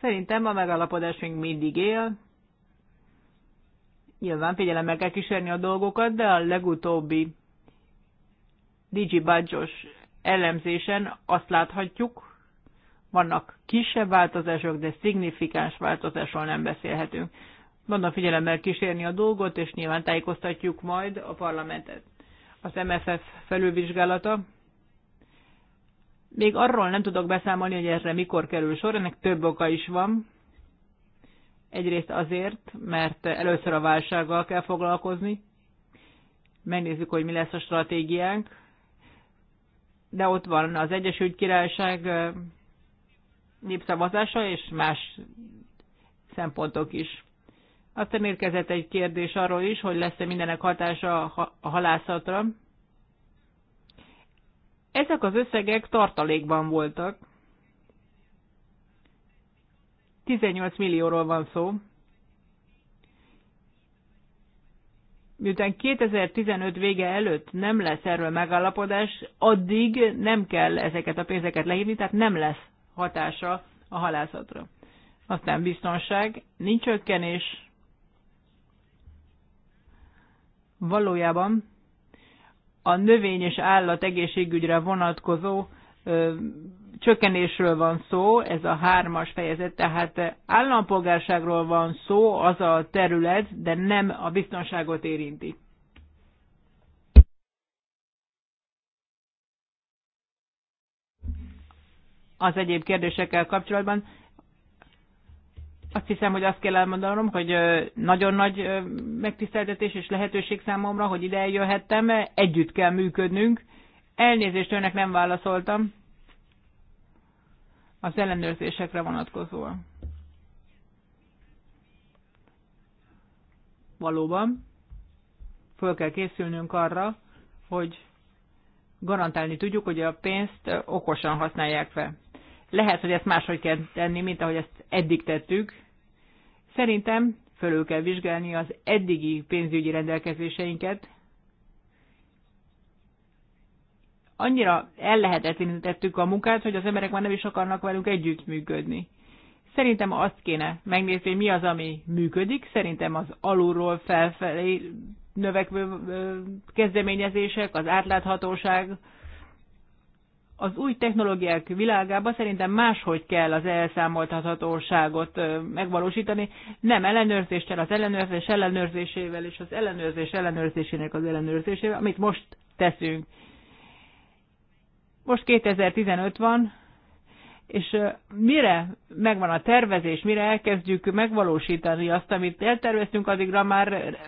Szerintem a megalapodás még mindig él. Nyilván figyelemmel kell kísérni a dolgokat, de a legutóbbi Digi elemzésen azt láthatjuk, vannak kisebb változások, de szignifikáns változásról nem beszélhetünk. Mondom, figyelemmel kísérni a dolgot, és nyilván tájékoztatjuk majd a parlamentet. Az MFF felülvizsgálata. Még arról nem tudok beszámolni, hogy erre mikor kerül sor, ennek több oka is van. Egyrészt azért, mert először a válsággal kell foglalkozni. Megnézzük, hogy mi lesz a stratégiánk de ott van az Egyesült Királyság népszavazása és más szempontok is. Aztán érkezett egy kérdés arról is, hogy lesz-e mindenek hatása a halászatra. Ezek az összegek tartalékban voltak. 18 millióról van szó. miután 2015 vége előtt nem lesz erről megállapodás, addig nem kell ezeket a pénzeket lehívni, tehát nem lesz hatása a halászatra. Aztán biztonság, nincs ökkenés. Valójában a növény és állat egészségügyre vonatkozó csökkenésről van szó, ez a hármas fejezet, tehát állampolgárságról van szó, az a terület, de nem a biztonságot érinti. Az egyéb kérdésekkel kapcsolatban azt hiszem, hogy azt kell elmondanom, hogy nagyon nagy megtiszteltetés és lehetőség számomra, hogy ide eljöhettem, együtt kell működnünk. Elnézést önnek nem válaszoltam az ellenőrzésekre vonatkozóan. Valóban, föl kell készülnünk arra, hogy garantálni tudjuk, hogy a pénzt okosan használják fel. Lehet, hogy ezt máshogy kell tenni, mint ahogy ezt eddig tettük. Szerintem fölül kell vizsgálni az eddigi pénzügyi rendelkezéseinket, annyira ellehetetlenítettük a munkát, hogy az emberek már nem is akarnak velünk együttműködni. Szerintem azt kéne megnézni, hogy mi az, ami működik. Szerintem az alulról felfelé növekvő kezdeményezések, az átláthatóság, az új technológiák világában szerintem máshogy kell az elszámoltathatóságot megvalósítani, nem ellenőrzéssel, az ellenőrzés ellenőrzésével és az ellenőrzés ellenőrzésének az ellenőrzésével, amit most teszünk. Most 2015 van, és mire megvan a tervezés, mire elkezdjük megvalósítani azt, amit elterveztünk, addigra már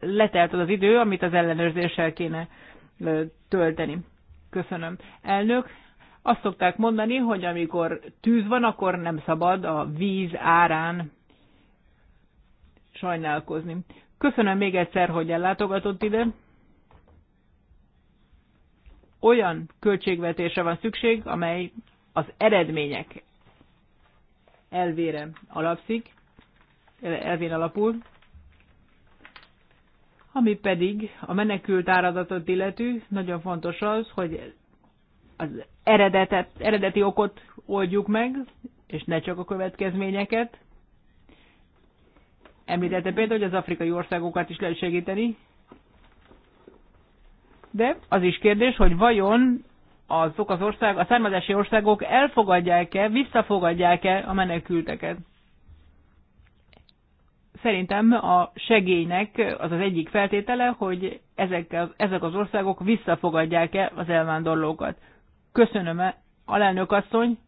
letelt az, idő, amit az ellenőrzéssel kéne tölteni. Köszönöm. Elnök, azt szokták mondani, hogy amikor tűz van, akkor nem szabad a víz árán sajnálkozni. Köszönöm még egyszer, hogy ellátogatott ide olyan költségvetésre van szükség, amely az eredmények elvére alapszik, elvén alapul, ami pedig a menekült áradatot illető, nagyon fontos az, hogy az eredetet, eredeti okot oldjuk meg, és ne csak a következményeket. Említette például, hogy az afrikai országokat is lehet segíteni, de az is kérdés, hogy vajon azok az ország, a származási országok elfogadják-e, visszafogadják-e a menekülteket. Szerintem a segélynek az az egyik feltétele, hogy ezek, ezek az országok visszafogadják-e az elvándorlókat. Köszönöm, -e, alelnök asszony!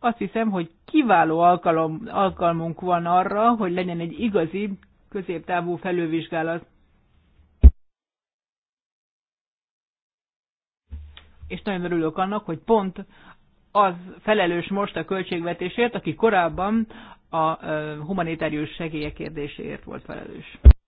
Azt hiszem, hogy kiváló alkalom, alkalmunk van arra, hogy legyen egy igazi középtávú felővizsgálat. és nagyon örülök annak, hogy pont az felelős most a költségvetésért, aki korábban a humanitárius segélyek kérdéséért volt felelős.